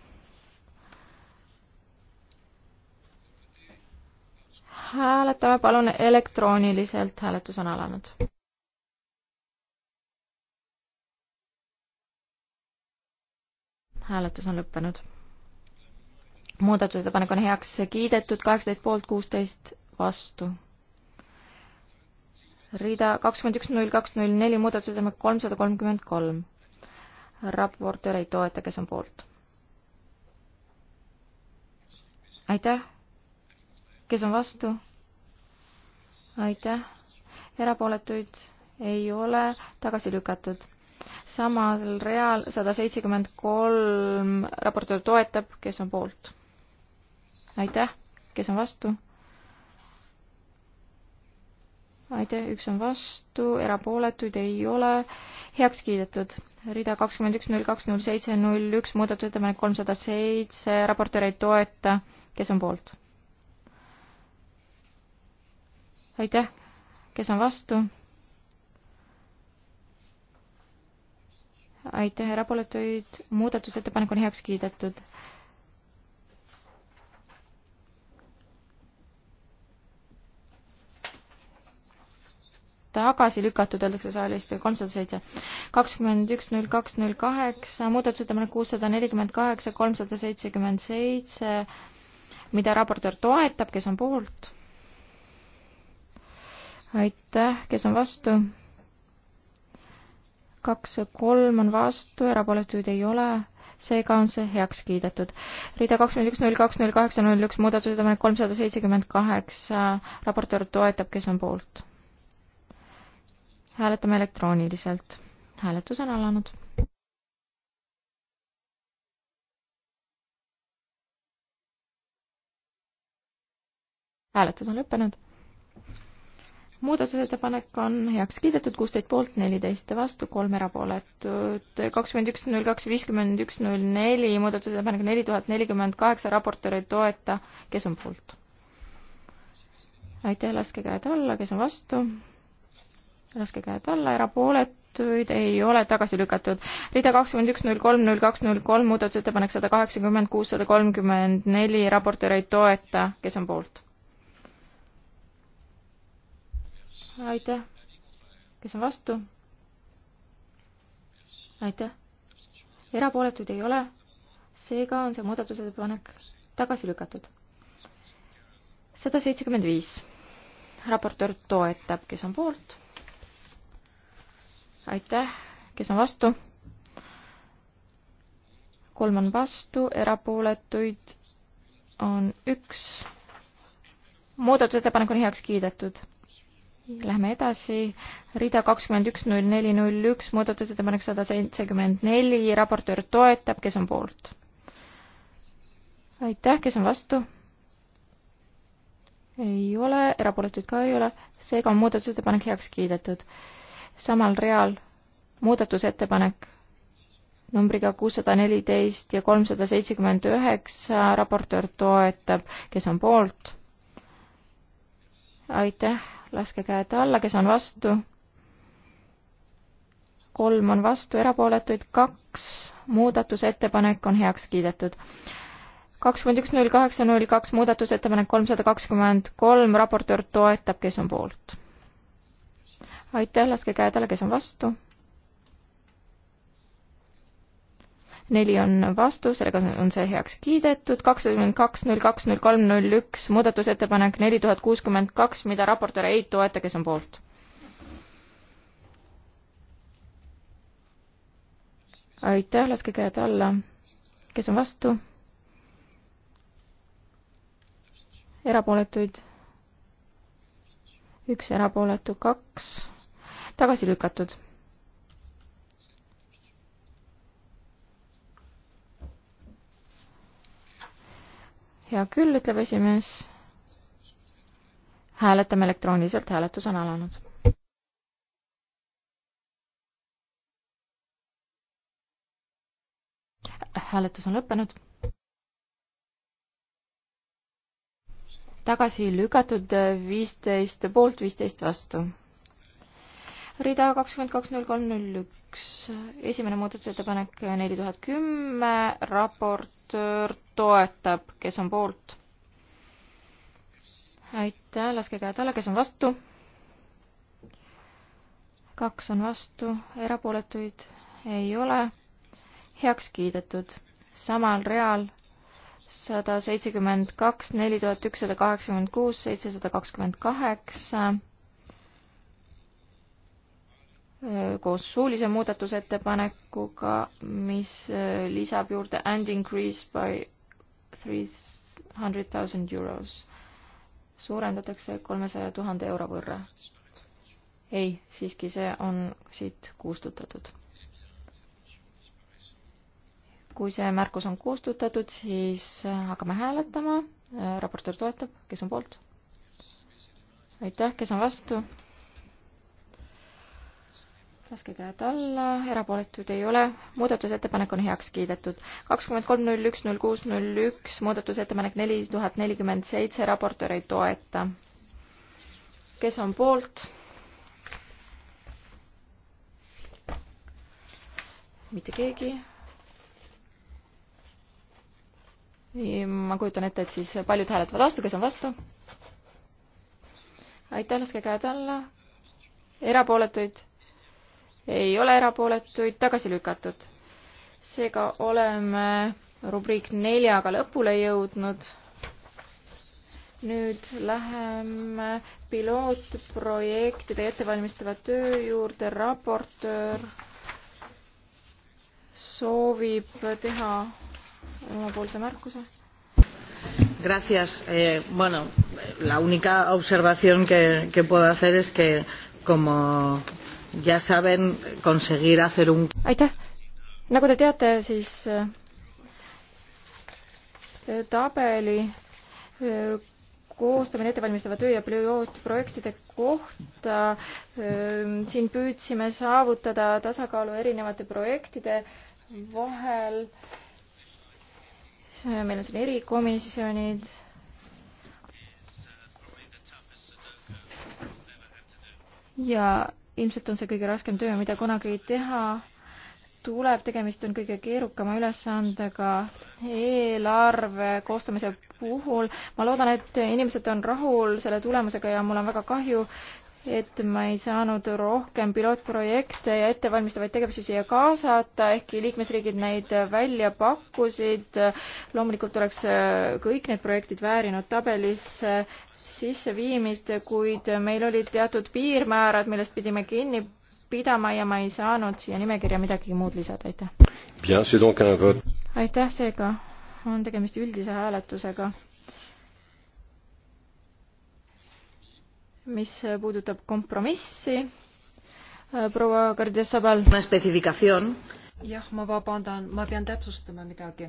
hääletame palun elektrooniliselt, hääletus on alanud. hääletus on lõppenud. muudatusettepanek on heaks kiidetud, kaheksateist poolt, kuusteist vastu. rida kakskümmend üks, null kaks, null neli, muudatusettepanek kolmsada kolmkümmend kolm. raportöör ei toeta, kes on poolt? aitäh kes on vastu? aitäh. erapooletuid ei ole tagasi lükatud. samal real sada seitsekümmend kolm raportöör toetab, kes on poolt. aitäh, kes on vastu? aitäh, üks on vastu, erapooletuid ei ole, heaks kiidetud. rida kakskümmend üks, null kaks, null seitse, null üks, muudatusettepanek kolmsada seitse, raportöör ei toeta, kes on poolt? aitäh, kes on vastu? aitäh, erapooletuid, muudatusettepanek on heaks kiidetud. tagasi lükatud, öeldakse saalist, kolmsada seitse. kakskümmend üks, null kaks, null kaheksa, muudatusettepanek kuussada nelikümmend kaheksa, kolmsada seitsekümmend seitse, mida raportöör toetab, kes on poolt? aitäh, kes on vastu? kaks, kolm on vastu, erapooletuid ei ole, seega on see heaks kiidetud. rida kakskümmend üks, null kaks, null kaheksa, null üks, muudatusettepanek kolmsada seitsekümmend kaheksa, raportöör toetab, kes on poolt? hääletame elektrooniliselt. hääletus on alanud. hääletus on lõppenud muudatusettepanek on heaks kiidetud, kuusteist poolt, neliteist vastu, kolm erapooletut, kakskümmend üks, null kaks, viiskümmend üks, null neli, muudatusettepanek neli tuhat nelikümmend kaheksa, raportöör ei toeta, kes on poolt? aitäh, laske käed alla, kes on vastu? laske käed alla, erapooletuid ei ole tagasi lükatud. rida kakskümmend üks, null kolm, null kaks, null kolm, muudatusettepanek sada kaheksakümmend kuus, sada kolmkümmend neli, raportöör ei toeta, kes on poolt? aitäh. kes on vastu? aitäh. erapooletuid ei ole, seega on see muudatusettepanek tagasi lükatud. sada seitsekümmend viis. raportöör toetab, kes on poolt? aitäh, kes on vastu? kolm on vastu, erapooletuid on üks. muudatusettepanek on heaks kiidetud Läheme edasi, rida kakskümmend üks null neli null üks, muudatusettepanek sada seitsekümmend neli, raportöör toetab, kes on poolt? aitäh, kes on vastu? ei ole, erapooletuid ka ei ole, seega on muudatusettepanek heaks kiidetud. samal real muudatusettepanek numbriga kuussada neliteist ja kolmsada seitsekümmend üheksa, raportöör toetab, kes on poolt? aitäh, laske käed alla, kes on vastu? kolm on vastu, erapooletuid kaks, muudatusettepanek on heaks kiidetud. kakskümmend üks, null kaheksa, null kaks, muudatusettepanek kolmsada kakskümmend kolm, raportöör toetab, kes on poolt? aitäh, laske käed alla, kes on vastu? neli on vastu, sellega on see heaks kiidetud, kakskümmend kaks, null kaks, null kolm, null üks, muudatusettepanek neli tuhat kuuskümmend kaks, mida raportöör ei toeta, kes on poolt? aitäh, laske käed alla. kes on vastu? erapooletuid? üks erapooletu, kaks tagasi lükatud hea küll, ütleb esimees. hääletame elektrooniliselt, hääletus on alanud. hääletus on lõppenud. tagasi lükatud viisteist poolt, viisteist vastu rida kakskümmend kaks null kolm null üks, esimene muudatusettepanek neli tuhat kümme, raportöör toetab, kes on poolt? aitäh, laske käed alla, kes on vastu? kaks on vastu, erapooletuid ei ole, heaks kiidetud. samal real sada seitsekümmend kaks, neli tuhat ükssada kaheksakümmend kuus, seitsesada kakskümmend kaheksa koos suulise muudatusettepanekuga, mis äh, lisab juurde and increase by three hundred thousand euros. suurendatakse kolmesaja tuhande euro võrra. ei, siiski see on siit kustutatud. kui see märkus on kustutatud, siis hakkame hääletama. Äh, raportöör toetab, kes on poolt? aitäh, kes on vastu? laske käed alla, erapooletuid ei ole, muudatusettepanek on heaks kiidetud. kakskümmend kolm null üks null kuus null üks, muudatusettepanek neli tuhat nelikümmend seitse, raportöör ei toeta. kes on poolt? mitte keegi. ma kujutan ette, et siis paljud hääletavad vastu, kes on vastu? aitäh, laske käed alla. erapooletuid ei ole erapooletuid, tagasi lükatud. seega oleme rubriik neljaga lõpule jõudnud. nüüd läheme pilootprojektide ettevalmistava töö juurde. raportöör soovib teha omapoolse märkuse. Gracias. Eh, bueno, la única observación que, que puedo hacer es que como aitäh, nagu te teate, siis äh, tabeli äh, koostamine ettevalmistava töö ja pilootprojektide kohta. Äh, siin püüdsime saavutada tasakaalu erinevate projektide vahel. meil on siin erikomisjonid ja ilmselt on see kõige raskem töö, mida kunagi teha tuleb, tegemist on kõige keerukama ülesandega eelarve koostamise puhul. ma loodan, et inimesed on rahul selle tulemusega ja mul on väga kahju, et ma ei saanud rohkem pilootprojekte ja ettevalmistavaid tegevusi siia kaasata, ehkki liikmesriigid neid välja pakkusid. loomulikult oleks kõik need projektid väärinud tabelisse sisseviimist, kuid meil olid teatud piirmäärad, millest pidime kinni pidama ja ma ei saanud siia nimekirja midagi muud lisada, aitäh. aitäh, seega on tegemist üldise hääletusega. mis puudutab kompromissi, proua Kardiasabal. jah, ma vabandan, ma pean täpsustama midagi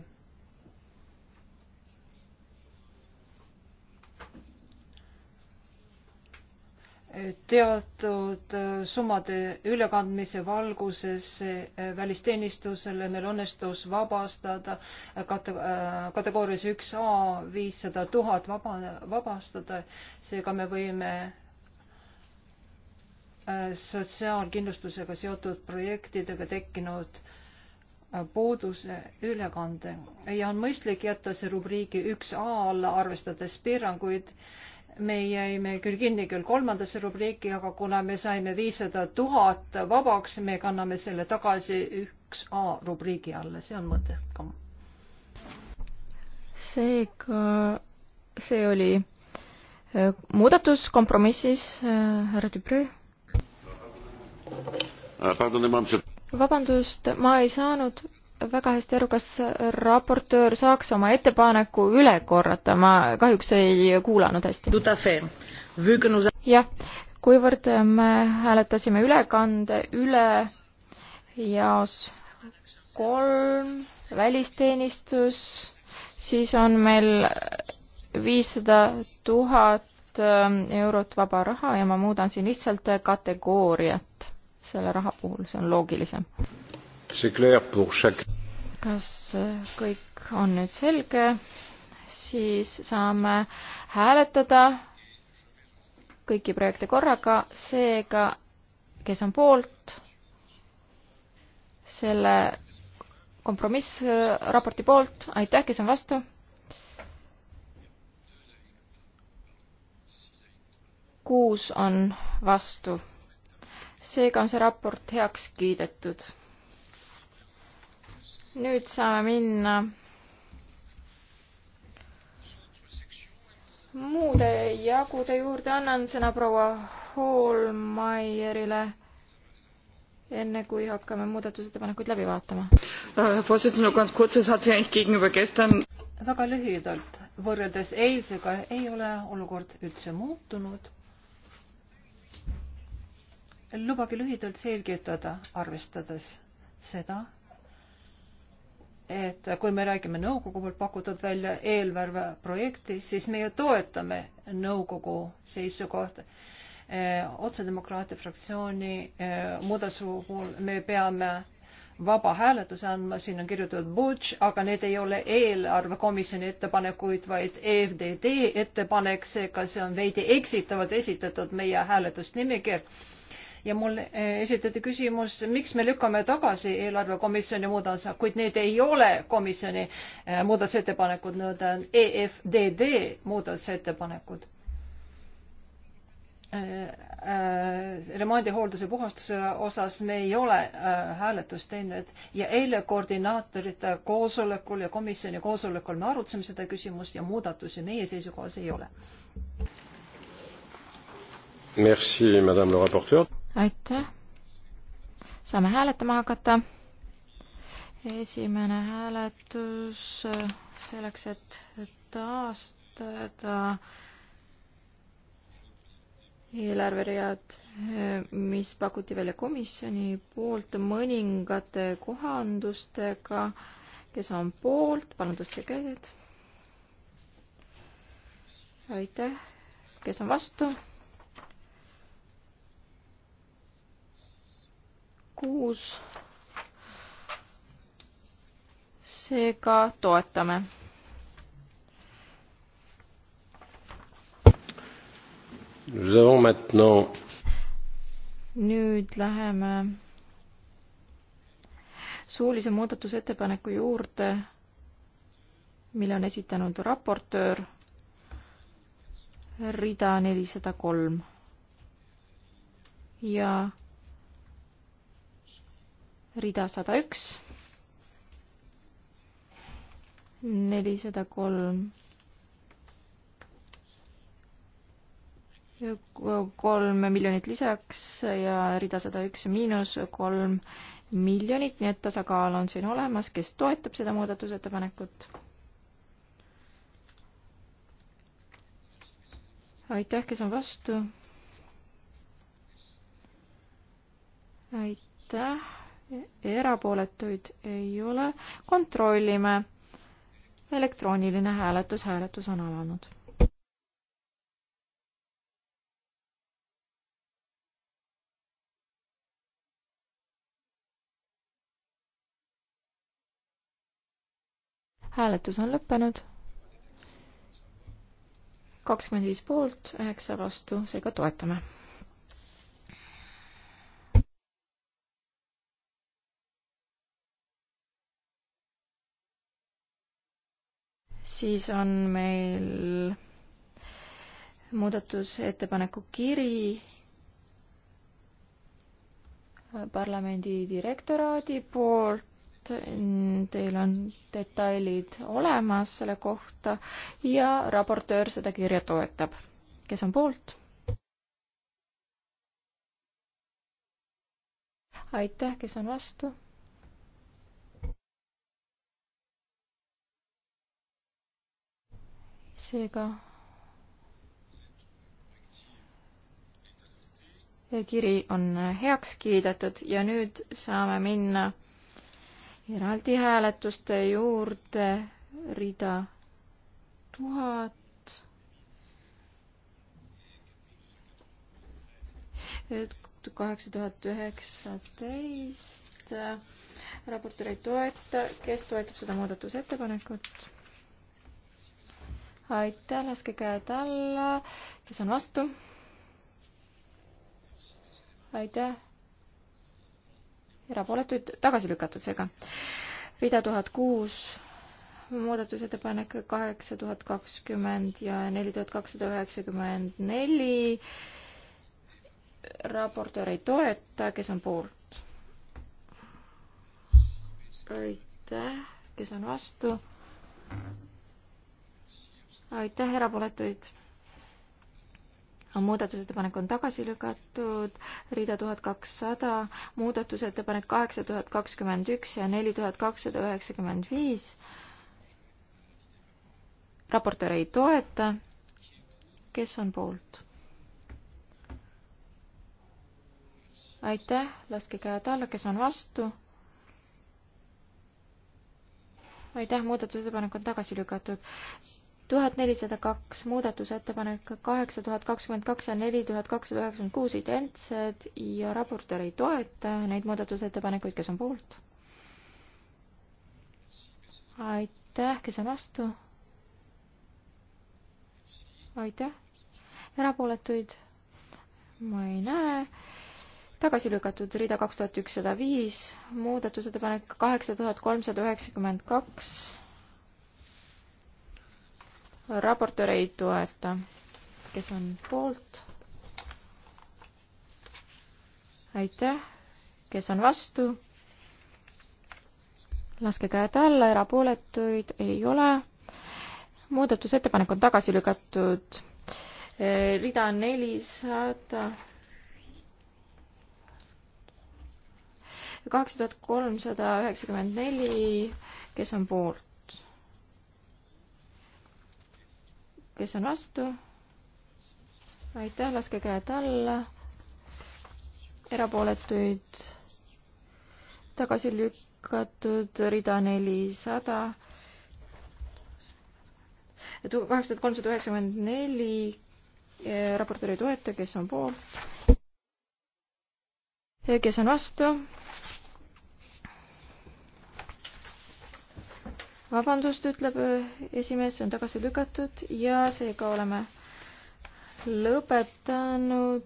teatud äh, summade ülekandmise valguses äh, välisteenistusele meil õnnestus vabastada äh, kate, kategoorias üks A viissada tuhat vaba, vabastada, seega me võime sotsiaalkindlustusega seotud projektidega tekkinud puuduse ülekande ja on mõistlik jätta see rubriigi üks A alla, arvestades piiranguid me jäime küll kinni küll kolmandasse rubriiki, aga kuna me saime viissada tuhat vabaks, me kanname selle tagasi üks A rubriigi alla, see on mõttekam. seega see oli äh, muudatus kompromissis, äh, härra Tüpre. Äh, vabandust, ma ei saanud väga hästi aru, kas raportöör saaks oma ettepaneku üle korrata, ma kahjuks ei kuulanud hästi. jah, kuivõrd me hääletasime ülekande üle jaos kolm, välisteenistus, siis on meil viissada tuhat ähm, eurot vaba raha ja ma muudan siin lihtsalt kategooriat selle raha puhul, see on loogilisem kas äh, kõik on nüüd selge? siis saame hääletada kõiki projekte korraga, seega kes on poolt selle kompromissraporti poolt, aitäh, kes on vastu? kuus on vastu. seega on see raport heaks kiidetud nüüd saame minna muude jagude juurde, annan sõna proua Hoolmeierile, enne kui hakkame muudatusettepanekuid läbi vaatama. Äh, väga lühidalt, võrreldes eilsega ei ole olukord üldse muutunud lubage lühidalt selgitada, arvestades seda, et kui me räägime nõukogu poolt pakutud välja eelarve projekti, siis meie toetame nõukogu seisukohta. Eh, otsedemokraatia fraktsiooni eh, muudatuse puhul me peame vaba hääletuse andma, siin on kirjutatud Butch, aga need ei ole eelarvekomisjoni ettepanekuid, vaid EFDD ettepanek, seega see on veidi eksitavalt esitatud meie hääletusnimekirja ja mul eh, esitati küsimus, miks me lükkame tagasi eelarvekomisjoni muudatuse, kuid need ei ole komisjoni eh, muudatusettepanekud, need on EFDD muudatusettepanekud eh, remondihoolduse puhastuse osas me ei ole hääletust teinud ja eile koordinaatorite koosolekul ja komisjoni koosolekul me arutasime seda küsimust ja muudatusi meie seisukohas ei ole. Merci, madame le rapporteur aitäh. saame hääletama hakata. esimene hääletus selleks, et taastada eelarveread, mis pakuti välja komisjoni poolt mõningate kohandustega. kes on poolt, palun tõstke käed. aitäh, kes on vastu? kuus. seega toetame. nüüd läheme suulise muudatusettepaneku juurde, mille on esitanud raportöör, rida nelisada kolm ja rida sada üks, nelisada kolm, kolm miljonit lisaks ja rida sada üks miinus kolm miljonit, nii et tasakaal on siin olemas, kes toetab seda muudatusettepanekut? aitäh, kes on vastu? aitäh, erapooletuid ei ole. kontrollime. elektrooniline hääletus, hääletus on alanud. hääletus on lõppenud. kakskümmend viis poolt, üheksa vastu, seega toetame siis on meil muudatusettepaneku kiri parlamendi direktoraadi poolt. Teil on detailid olemas selle kohta ja raportöör seda kirja toetab. kes on poolt? aitäh, kes on vastu? seega kiri on heaks kiidetud ja nüüd saame minna eraldi hääletuste juurde rida tuhat. kaheksa tuhat üheksateist, raportöör ei toeta, kes toetab seda muudatusettepanekut? aitäh, laske käed alla, kes on vastu? aitäh. erapooletuid tagasi lükatud seega. rida tuhat kuus, muudatusettepanek kaheksa tuhat kakskümmend ja neli tuhat kakssada üheksakümmend neli. raportöör ei toeta, kes on poolt? aitäh, kes on vastu? aitäh, erapooletuid. muudatusettepanek on tagasi lükatud, rida tuhat kakssada, muudatusettepanek kaheksa tuhat kakskümmend üks ja neli tuhat kakssada üheksakümmend viis. raportöör ei toeta. kes on poolt? aitäh, laske käed alla, kes on vastu? aitäh, muudatusettepanek on tagasi lükatud tuhat nelisada kaks muudatusettepanek kaheksa tuhat kakskümmend kaks ja neli tuhat kakssada üheksakümmend kuus identsed ja raportöör ei toeta neid muudatusettepanekuid, kes on poolt? aitäh, kes on vastu? aitäh, erapooletuid ma ei näe tagasi lükatud rida kaks tuhat ükssada viis, muudatusettepanek kaheksa tuhat kolmsada üheksakümmend kaks raportöör ei toeta. kes on poolt? aitäh. kes on vastu? laske käed alla, erapooletuid ei ole. muudatusettepanek on tagasi lükatud. E, rida nelisada. kaheksa tuhat kolmsada üheksakümmend neli, kes on poolt? kes on vastu? aitäh, laske käed alla. erapooletuid tagasi lükatud rida nelisada. kaheksa tuhat kolmsada üheksakümmend neli eh, raportööri toeta, kes on poolt? kes on vastu? vabandust, ütleb äh, esimees, see on tagasi lükatud ja seega oleme lõpetanud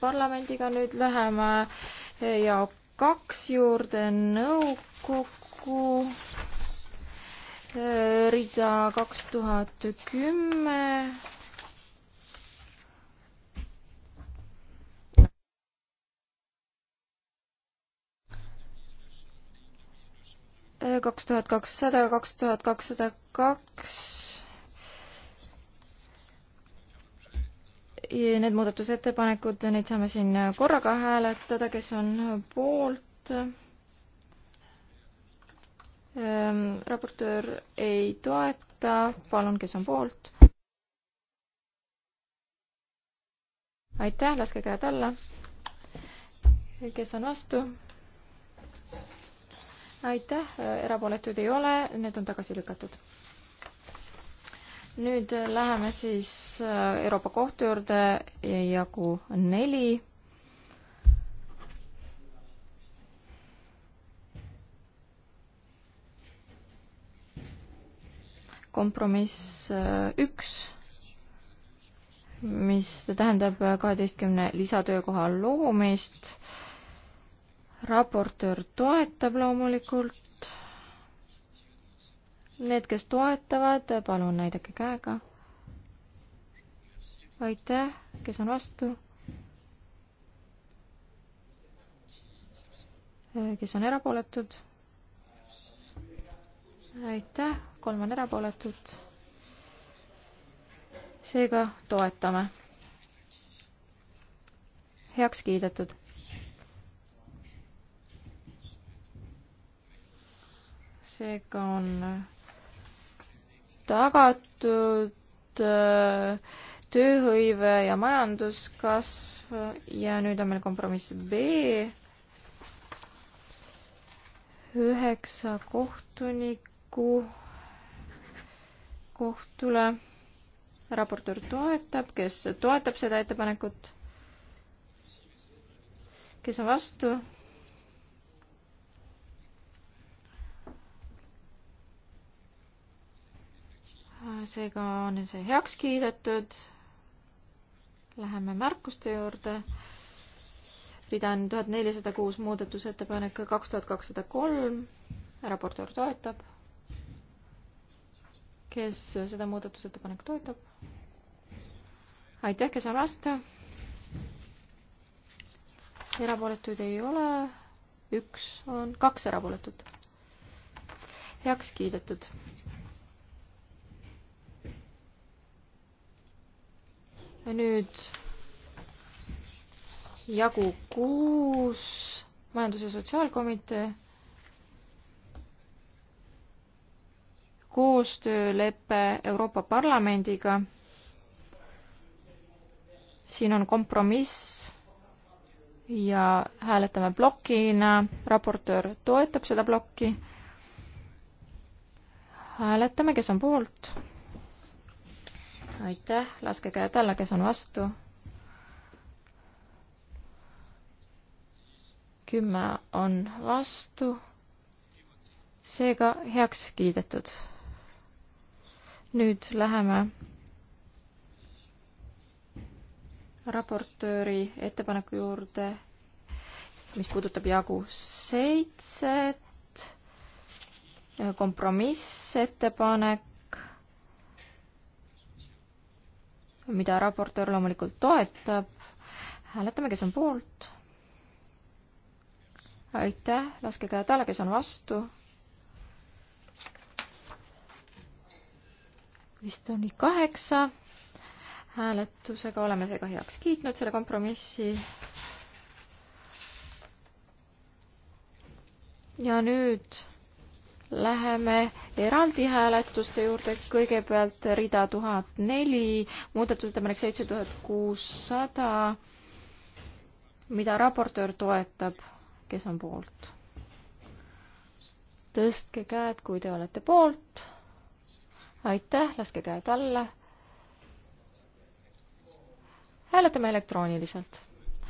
parlamendiga, nüüd läheme äh, jaoks kaks juurde nõukogu äh, rida kaks tuhat kümme kaks tuhat kakssada, kaks tuhat kakssada kaks. Need muudatusettepanekud, neid saame siin korraga hääletada, kes on poolt ähm,. raportöör ei toeta, palun, kes on poolt? aitäh, laske käed alla. kes on vastu? aitäh, erapooletuid ei ole, need on tagasi lükatud. nüüd läheme siis äh, Euroopa Kohtu juurde jagu neli kompromiss äh, üks, mis tähendab kaheteistkümne lisatöökoha loomist raportöör toetab loomulikult. Need, kes toetavad, palun näidake käega. aitäh, kes on vastu? kes on erapooletud? aitäh, kolm on erapooletut. seega toetame. heaks kiidetud seega on tagatud äh, tööhõive ja majanduskasv ja nüüd on meil kompromiss B. üheksa kohtuniku kohtule. raportöör toetab, kes toetab seda ettepanekut? kes on vastu? seega on see heaks kiidetud. Läheme märkuste juurde. rida on tuhat nelisada kuus muudatusettepanek kaks tuhat kakssada kolm. raportöör toetab. kes seda muudatusettepanekut toetab? aitäh, kes on vastu? erapooletuid ei ole, üks on, kaks erapooletut. heaks kiidetud nüüd jagu kuus, majandus- ja sotsiaalkomitee, koostöölepe Euroopa Parlamendiga, siin on kompromiss ja hääletame plokina, raportöör toetab seda plokki, hääletame, kes on poolt aitäh, laske käed alla, kes on vastu. kümme on vastu. seega heaks kiidetud. nüüd läheme raportööri ettepaneku juurde, mis puudutab jagu seitset, kompromissettepanek, mida raportöör loomulikult toetab. hääletame, kes on poolt. aitäh, laske käed alla, kes on vastu. vist oli kaheksa. hääletusega oleme seega heaks kiitnud selle kompromissi. ja nüüd Läheme eraldi hääletuste juurde, kõigepealt rida tuhat neli, muudatusettepanek seitse tuhat kuussada, mida raportöör toetab, kes on poolt? tõstke käed, kui te olete poolt. aitäh, laske käed alla. hääletame elektrooniliselt.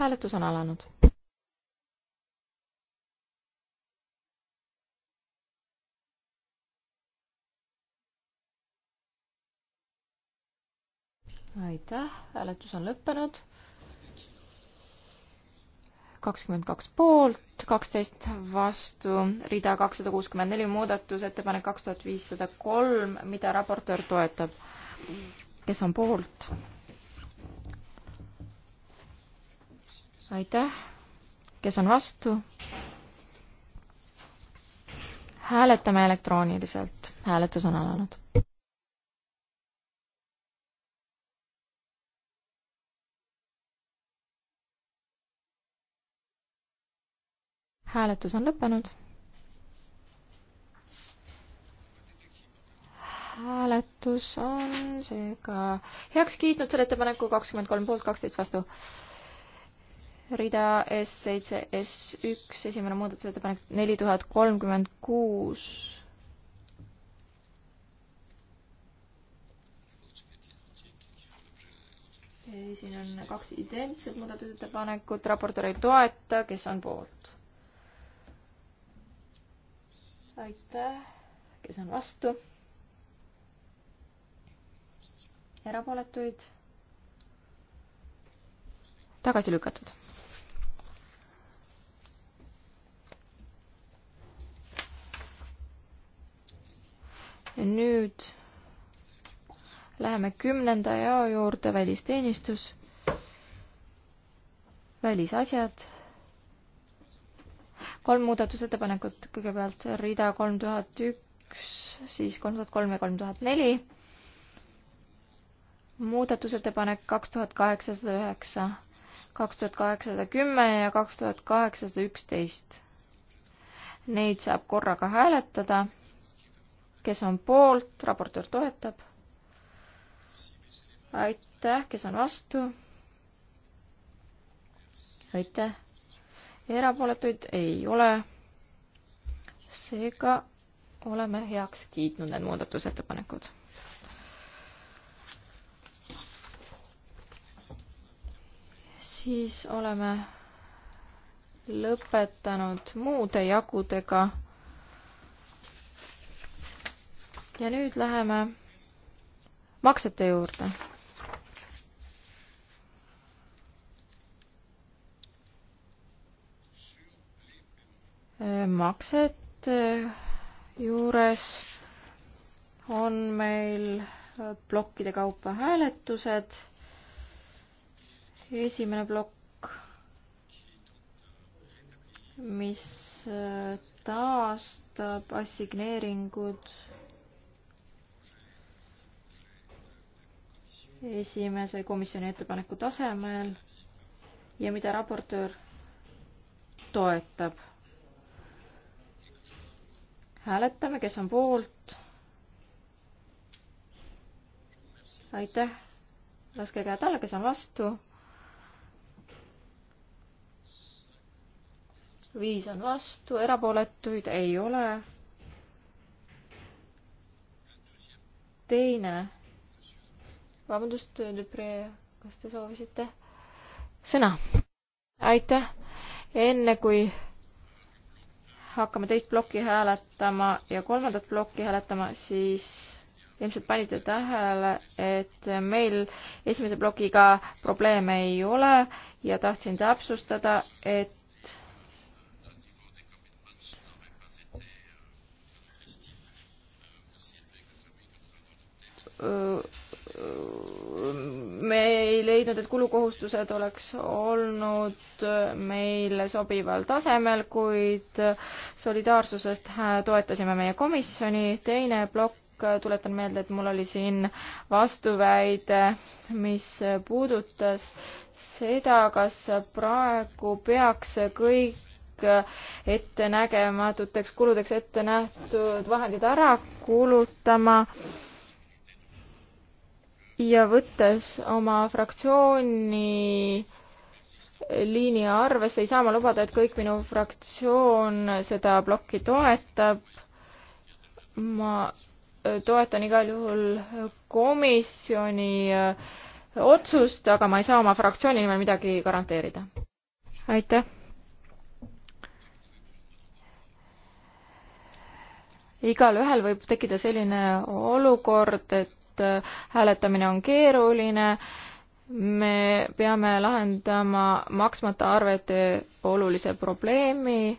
hääletus on alanud aitäh, hääletus on lõppenud. kakskümmend kaks poolt, kaksteist vastu, rida kakssada kuuskümmend neli, muudatusettepanek kaks tuhat viissada kolm, mida raportöör toetab. kes on poolt? aitäh, kes on vastu? hääletame elektrooniliselt, hääletus on alanud hääletus on lõppenud. hääletus on seega heaks kiitnud selle ettepaneku kakskümmend kolm poolt, kaksteist vastu. rida S seitse S üks, esimene muudatusettepanek neli tuhat kolmkümmend kuus. siin on kaks identset muudatusettepanekut, raportöör ei toeta, kes on poolt? aitäh, kes on vastu? erapooletuid? tagasi lükatud. nüüd läheme kümnenda jao juurde, välisteenistus, välisasjad kolm muudatusettepanekut, kõigepealt rida kolm tuhat üks, siis kolm tuhat kolm ja kolm tuhat neli. muudatusettepanek kaks tuhat kaheksasada üheksa, kaks tuhat kaheksasada kümme ja kaks tuhat kaheksasada üksteist. Neid saab korraga hääletada. kes on poolt, raportöör toetab. aitäh, kes on vastu? aitäh erapooletuid ei ole. seega oleme heaks kiitnud need muudatusettepanekud. siis oleme lõpetanud muude jagudega. ja nüüd läheme maksete juurde Äh, maksete äh, juures on meil äh, plokkide kaupa hääletused. esimene plokk, mis taastab assigneeringud esimese komisjoni ettepaneku tasemel ja mida raportöör toetab hääletame, kes on poolt. aitäh, laske käed alla, kes on vastu. viis on vastu, erapooletuid ei ole. teine, vabandust, Dupre, kas te soovisite sõna? aitäh, enne kui hakkame teist plokki hääletama ja kolmandat plokki hääletama, siis ilmselt panite tähele, et meil esimese plokiga probleeme ei ole ja tahtsin täpsustada, et me ei leidnud, et kulukohustused oleks olnud meile sobival tasemel, kuid solidaarsusest toetasime meie komisjoni. teine plokk, tuletan meelde, et mul oli siin vastuväide, mis puudutas seda, kas praegu peaks kõik ettenägematuteks kuludeks ette nähtud vahendid ära kulutama ja võttes oma fraktsiooni liini arvesse ei saa ma lubada, et kõik minu fraktsioon seda plokki toetab. ma toetan igal juhul komisjoni äh, otsust, aga ma ei saa oma fraktsiooni nimel midagi garanteerida. aitäh. igalühel võib tekkida selline olukord, et et äh, hääletamine on keeruline, me peame lahendama maksmata arvete olulise probleemi,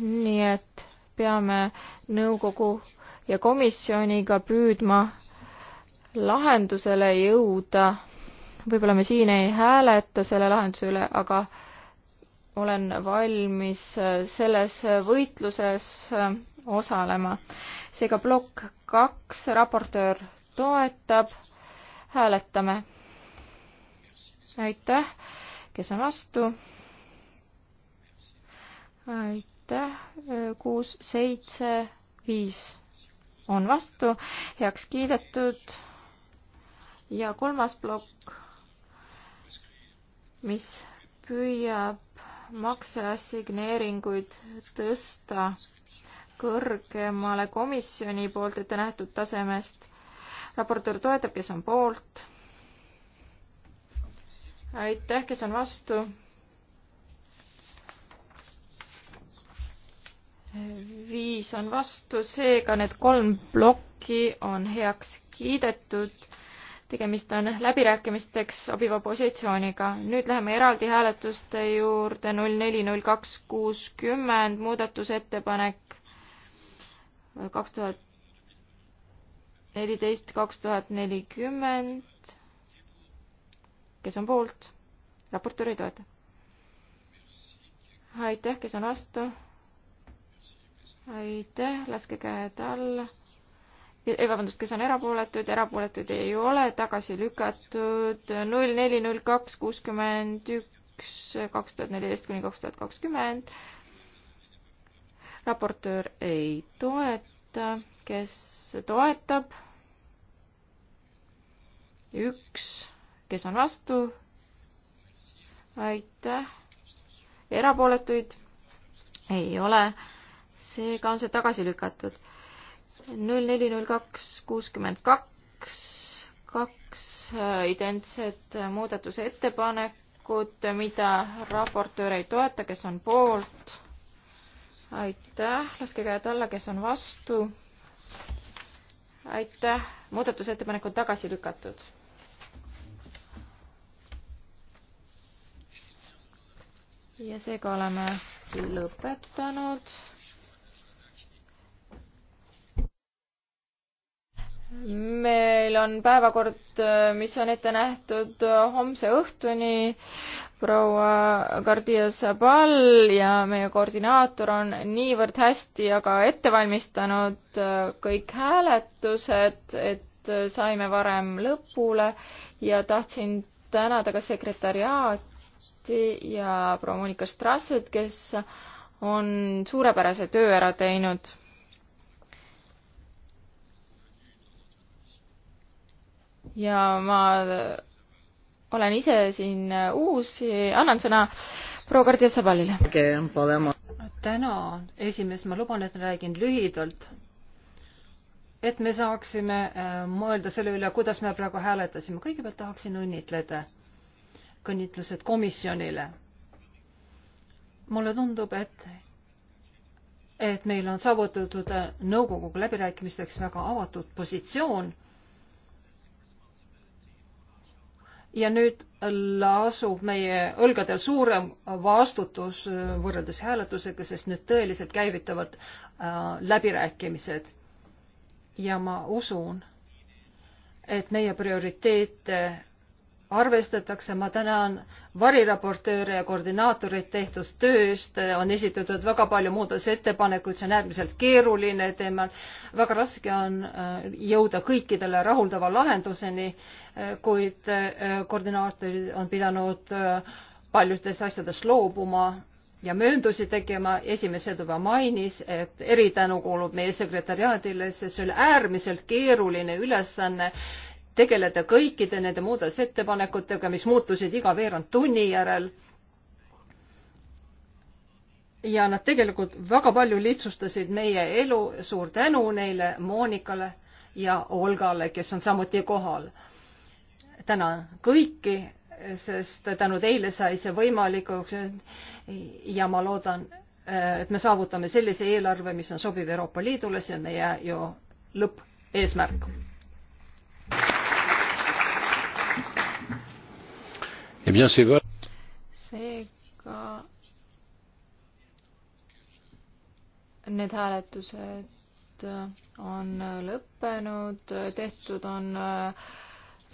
nii et peame nõukogu ja komisjoniga püüdma lahendusele jõuda. võib-olla me siin ei hääleta selle lahenduse üle, aga olen valmis äh, selles võitluses äh, osalema. seega plokk kaks, raportöör toetab, hääletame. aitäh, kes on vastu? aitäh, kuus, seitse, viis on vastu, heaks kiidetud. ja kolmas plokk, mis püüab makseassigneeringuid tõsta kõrgemale komisjoni poolt ette nähtud tasemest raportöör toetab, kes on poolt? aitäh, kes on vastu? viis on vastu, seega need kolm plokki on heaks kiidetud. tegemist on läbirääkimisteks sobiva positsiooniga. nüüd läheme eraldi hääletuste juurde. null neli, null kaks, kuuskümmend muudatusettepanek kaks tuhat neliteist, kaks tuhat nelikümmend. kes on poolt? raportöör ei toeta. aitäh, kes on vastu? aitäh, laske käed alla. ei, vabandust, kes on erapooletuid, erapooletuid ei ole, tagasi lükatud null neli, null kaks, kuuskümmend üks, kaks tuhat neliteist kuni kaks tuhat kakskümmend. raportöör ei toeta poolt, kes toetab, üks, kes on vastu, aitäh, erapooletuid ei ole, seega on see tagasi lükatud. null neli, null kaks, kuuskümmend kaks, kaks äh, identset äh, muudatusettepanekut, mida raportöör ei toeta, kes on poolt, aitäh, laske käed alla, kes on vastu. aitäh, muudatusettepanek on tagasi lükatud. ja seega oleme lõpetanud meil on päevakord, äh, mis on ette nähtud äh, homse õhtuni. proua Gardia Sabal ja meie koordinaator on niivõrd hästi aga ette valmistanud äh, kõik hääletused, et saime varem lõpule ja tahtsin tänada ka sekretariaati ja proua Monika Strasset, kes on suurepärase töö ära teinud ja ma olen ise siin uus, annan sõna proua Kardia Sabalile. tänan, esimees, ma luban, et räägin lühidalt et me saaksime äh, mõelda selle üle, kuidas me praegu hääletasime. kõigepealt tahaksin õnnitleda, kõnnitlused komisjonile. mulle tundub, et, et meil on saavutatud äh, nõukoguga läbirääkimisteks väga avatud positsioon ja nüüd lasub meie õlgadel suurem vastutus äh, võrreldes hääletusega, sest nüüd tõeliselt käivituvad äh, läbirääkimised. ja ma usun, et meie prioriteete arvestatakse, ma tänan variraportööre ja koordinaatoreid tehtud tööst, on esitatud väga palju muudatusettepanekuid, see on äärmiselt keeruline teema, väga raske on äh, jõuda kõikidele rahuldava lahenduseni, äh, kuid äh, koordinaatorid on pidanud paljudest asjadest loobuma ja mööndusi tegema, esimees juba mainis, et eritänu kuulub meie sekretäriaadile, sest see oli äärmiselt keeruline ülesanne tegeleda kõikide nende muudatusettepanekutega, mis muutusid iga veerand tunni järel. ja nad tegelikult väga palju lihtsustasid meie elu, suur tänu neile, Monikale ja Olgale, kes on samuti kohal. tänan kõiki, sest tänu teile sai see võimalikuks ja ma loodan, et me saavutame sellise eelarve, mis on sobiv Euroopa Liidule, see on meie ju lõppeesmärk Eh seega need hääletused on lõppenud, tehtud on äh,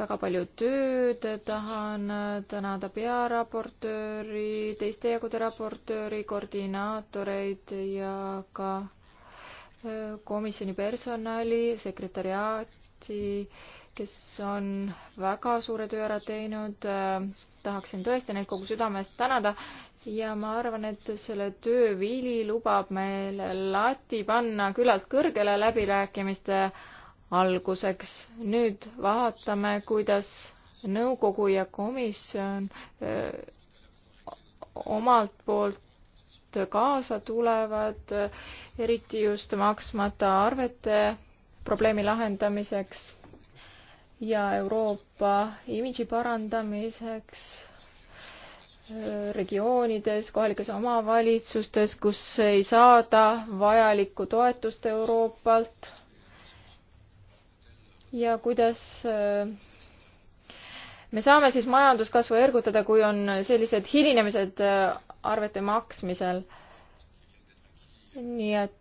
väga palju tööd, tahan äh, tänada pearaportööri, teiste jagude raportööri, koordinaatoreid ja ka äh, komisjoni personali, sekretäriaati kes on väga suure töö ära teinud. tahaksin tõesti neid kogu südamest tänada ja ma arvan, et selle töö vili lubab meil lati panna küllalt kõrgele läbirääkimiste alguseks. nüüd vaatame, kuidas nõukogu ja komisjon öö, omalt poolt kaasa tulevad, eriti just maksmata arvete probleemi lahendamiseks ja Euroopa imidži parandamiseks äh, regioonides, kohalikes omavalitsustes, kus ei saada vajalikku toetust Euroopalt ja kuidas äh, me saame siis majanduskasvu ergutada, kui on sellised hilinemised äh, arvete maksmisel. nii et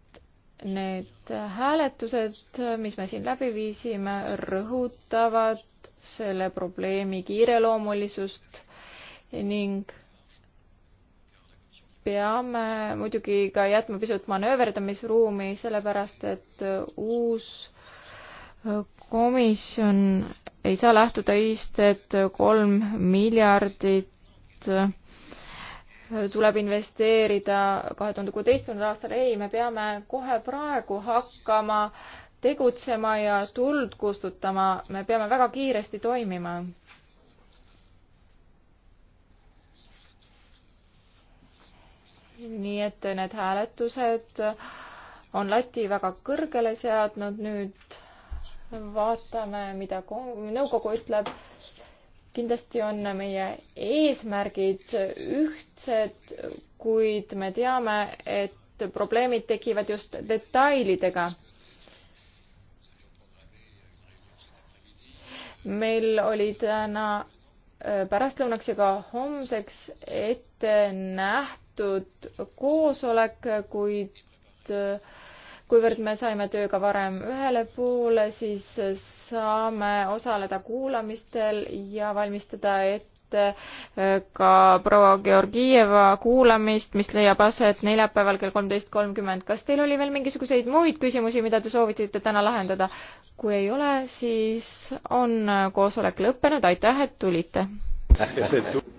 need hääletused, mis me siin läbi viisime, rõhutavad selle probleemi kiireloomulisust ning peame muidugi ka jätma pisut manööverdamisruumi, sellepärast et uus komisjon ei saa lähtuda IST-d kolm miljardit tuleb investeerida kahe tuhande kuueteistkümnendal aastal, ei, me peame kohe praegu hakkama tegutsema ja tuld kustutama, me peame väga kiiresti toimima. nii et need hääletused on lati väga kõrgele seadnud, nüüd vaatame, mida nõukogu ütleb kindlasti on meie eesmärgid ühtsed, kuid me teame, et probleemid tekivad just detailidega. meil oli täna äh, pärastlõunaks ja ka homseks ette nähtud koosolek, kuid äh, kuivõrd me saime tööga varem ühele poole, siis saame osaleda kuulamistel ja valmistada ette äh, ka proua Georgieva kuulamist, mis leiab aset neljapäeval kell kolmteist kolmkümmend. kas teil oli veel mingisuguseid muid küsimusi, mida te soovitasite täna lahendada? kui ei ole, siis on koosolek lõppenud, aitäh, et tulite! <laughs>